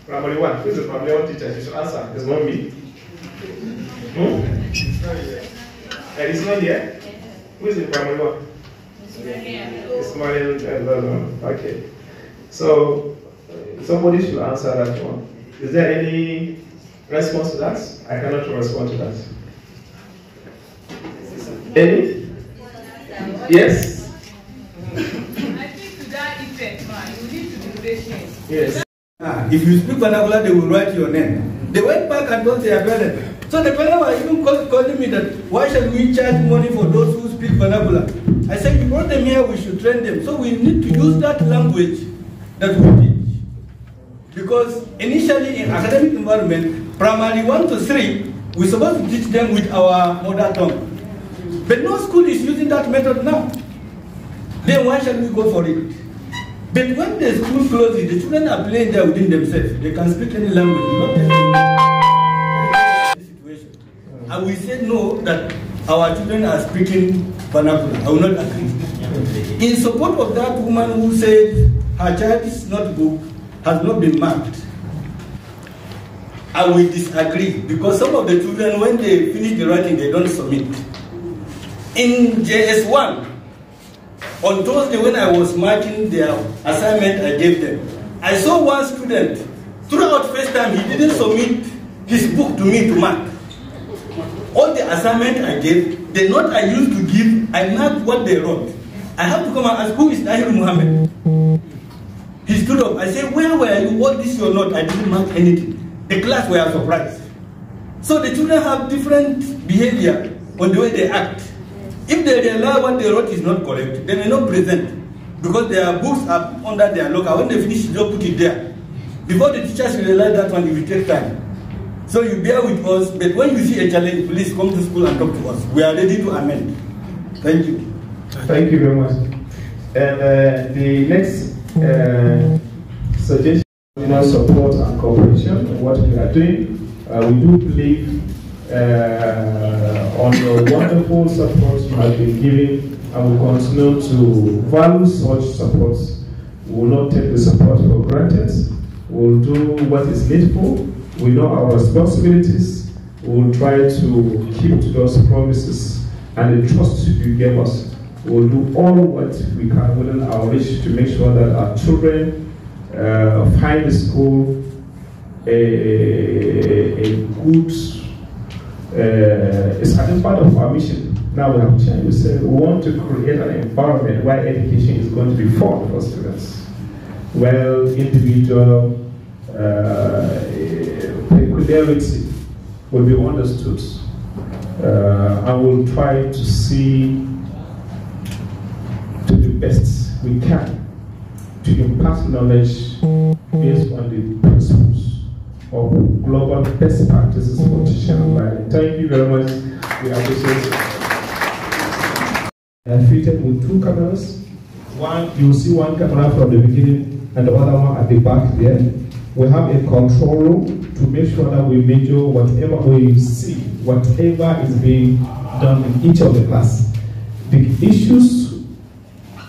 S5: Primary one. Who is the primary one teacher? You should answer. It's not me. No. Hmm? It's not here. Who is the primary one? It's and Lolo. Okay. So somebody should answer that one. Is there any response to that? I cannot respond to that.
S12: Any? Yes? Yes. Ah, if you speak vernacular, they will write your name. They went back and told their parents. So the parents were even calling me that why should we charge money for those who speak vernacular? I said, you brought them here, we should train them. So we need to use that language that we teach. Because initially in academic environment, primary one to three, we're supposed to teach them with our mother tongue. But no school is using that method now. Then why should we go for it? But when the school closes, the children are playing there within themselves. They can speak any language. Not the situation. I will say no that our children are speaking vernacular. I will not agree. In support of that woman who said her child's notebook has not been marked, I will disagree because some of the children, when they finish the writing, they don't submit. In JS1, on Thursday, when I was marking their assignment I gave them, I saw one student, throughout first time, he didn't submit his book to me to mark. All the assignment I gave, the note I used to give, I marked what they wrote. I have to come and ask, who is Nahir Muhammad? He stood up. I said, where were you? What is your note? I didn't mark anything. The class were surprised. So the children have different behavior on the way they act. If they realize what they wrote is not correct, they may not present because their books are under their locker. When they finish, they'll put it there. Before the teachers realize that one, it will take time. So you bear with us, but when you see a challenge, please come to school and talk to us. We are ready to amend. Thank you. Thank you very much. And uh, the next
S5: uh, suggestion, you know, support and cooperation, what we are doing. Uh, we do believe uh, on the wonderful support has been given and will continue to value such support. We will not take the support for granted. We will do what is needful. We know our responsibilities. We will try to keep to those promises and the trust you gave us. We will do all what we can within our reach to make sure that our children uh, find the school a, a good, uh, it's a part of our mission now, Ramchan, you said we want to create an environment where education is going to be fun for students, Well, individual uh, peculiarity will be understood. Uh, I will try to see to the best we can to impart knowledge based on the principles of global best practices for teaching Thank you very much. We appreciate it are fitted with two cameras. One, you'll see one camera from the beginning and the other one at the back there. We have a control room to make sure that we measure whatever we see, whatever is being done in each of the class.
S6: The issues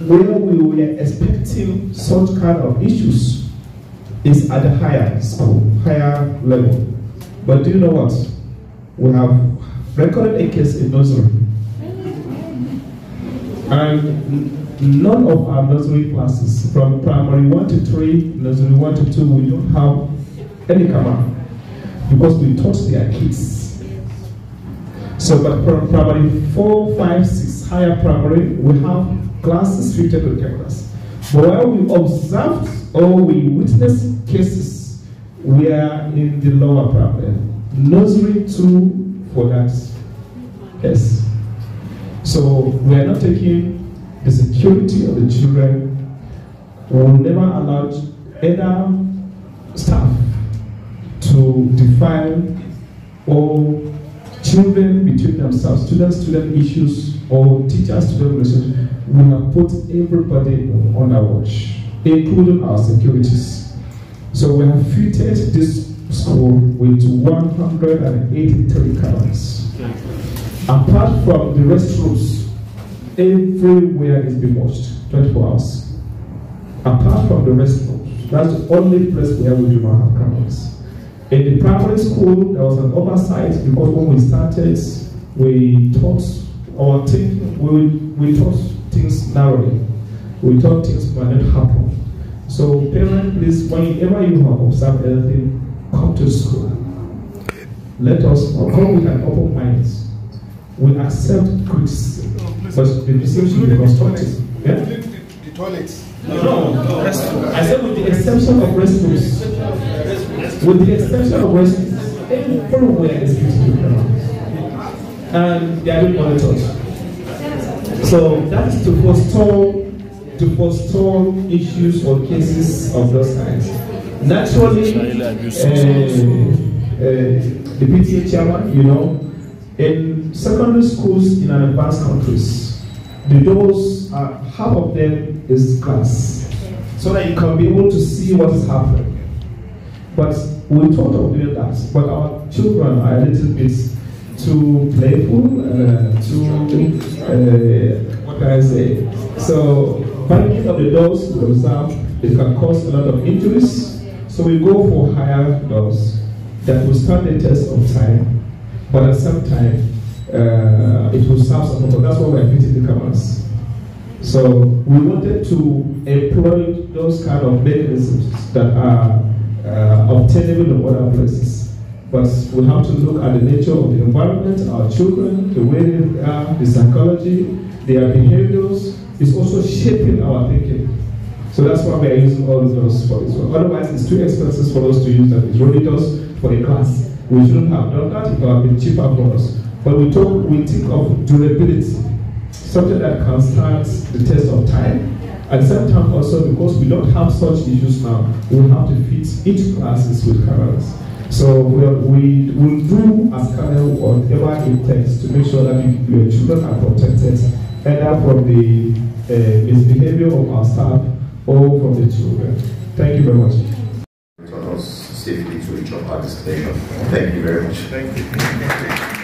S6: where
S5: we were expecting such kind of issues is at the higher school, higher level. But do you know what? We have recorded a case in Nursery and none of our nursery classes, from primary 1 to 3, nursery 1 to 2, we don't have any camera because we taught their kids. So, but from primary four, five, six, higher primary, we have classes fitted with cameras. But where we observed or we witnessed cases, we are in the lower primary. Nursery 2 for that. Yes. So we are not taking the security of the children. We will never allow either staff to define or children between themselves, student-student issues or teacher-student relationship. We have put everybody on our watch, including our securities. So we have fitted this school with 183 cameras. Apart from the restrooms, everywhere is washed 24 hours. Apart from the restrooms, that's the only place where we do not have cameras. In the primary school, there was an oversight because when we started, we taught our thing, we, we taught things narrowly. We taught things might not happen. So parents, please, whenever you have observed anything, come to school. Let us, come with an open mind we accept criticism, but the criticism should be constructive. Yeah? The, the toilets. No, no. I said with the exception of restrooms. With the exception of restrooms, everywhere is critical. And they are being monitored. So that is to forestall to forestall issues or cases of those kinds. Naturally, uh, uh, the PTA chairman, you know, in secondary schools in advanced countries, the doors are uh, half of them is glass, so that you can be able to see what is happening. But we thought of doing that, but our children are a little bit too playful, uh, too, uh, what can I say? So, banking of the doors to observe, it can cause a lot of injuries. So we go for higher doors that will stand the test of time, but at some time uh, it will serve some purpose. That's why we're fitting the cameras. So we wanted to employ those kind of mechanisms that are uh, obtainable in other places. But we have to look at the nature of the environment, our children, the way they are, the psychology, their behaviors It's also shaping our thinking. So that's why we are using all those for this one. Otherwise, it's too expensive for us to use that. It's really just for a class. We shouldn't have done that. It would have been cheaper for us. But we talk, we think of durability, something that can stand the test of time. And sometimes also because we don't have such issues now, we have to fit each classes with kernels. So we'll, we will do as kernel whatever it takes to make sure that your children are protected either from the uh, misbehavior of our staff or from the children. Thank you very much. Return us safely to each of our Thank you very much. Thank you.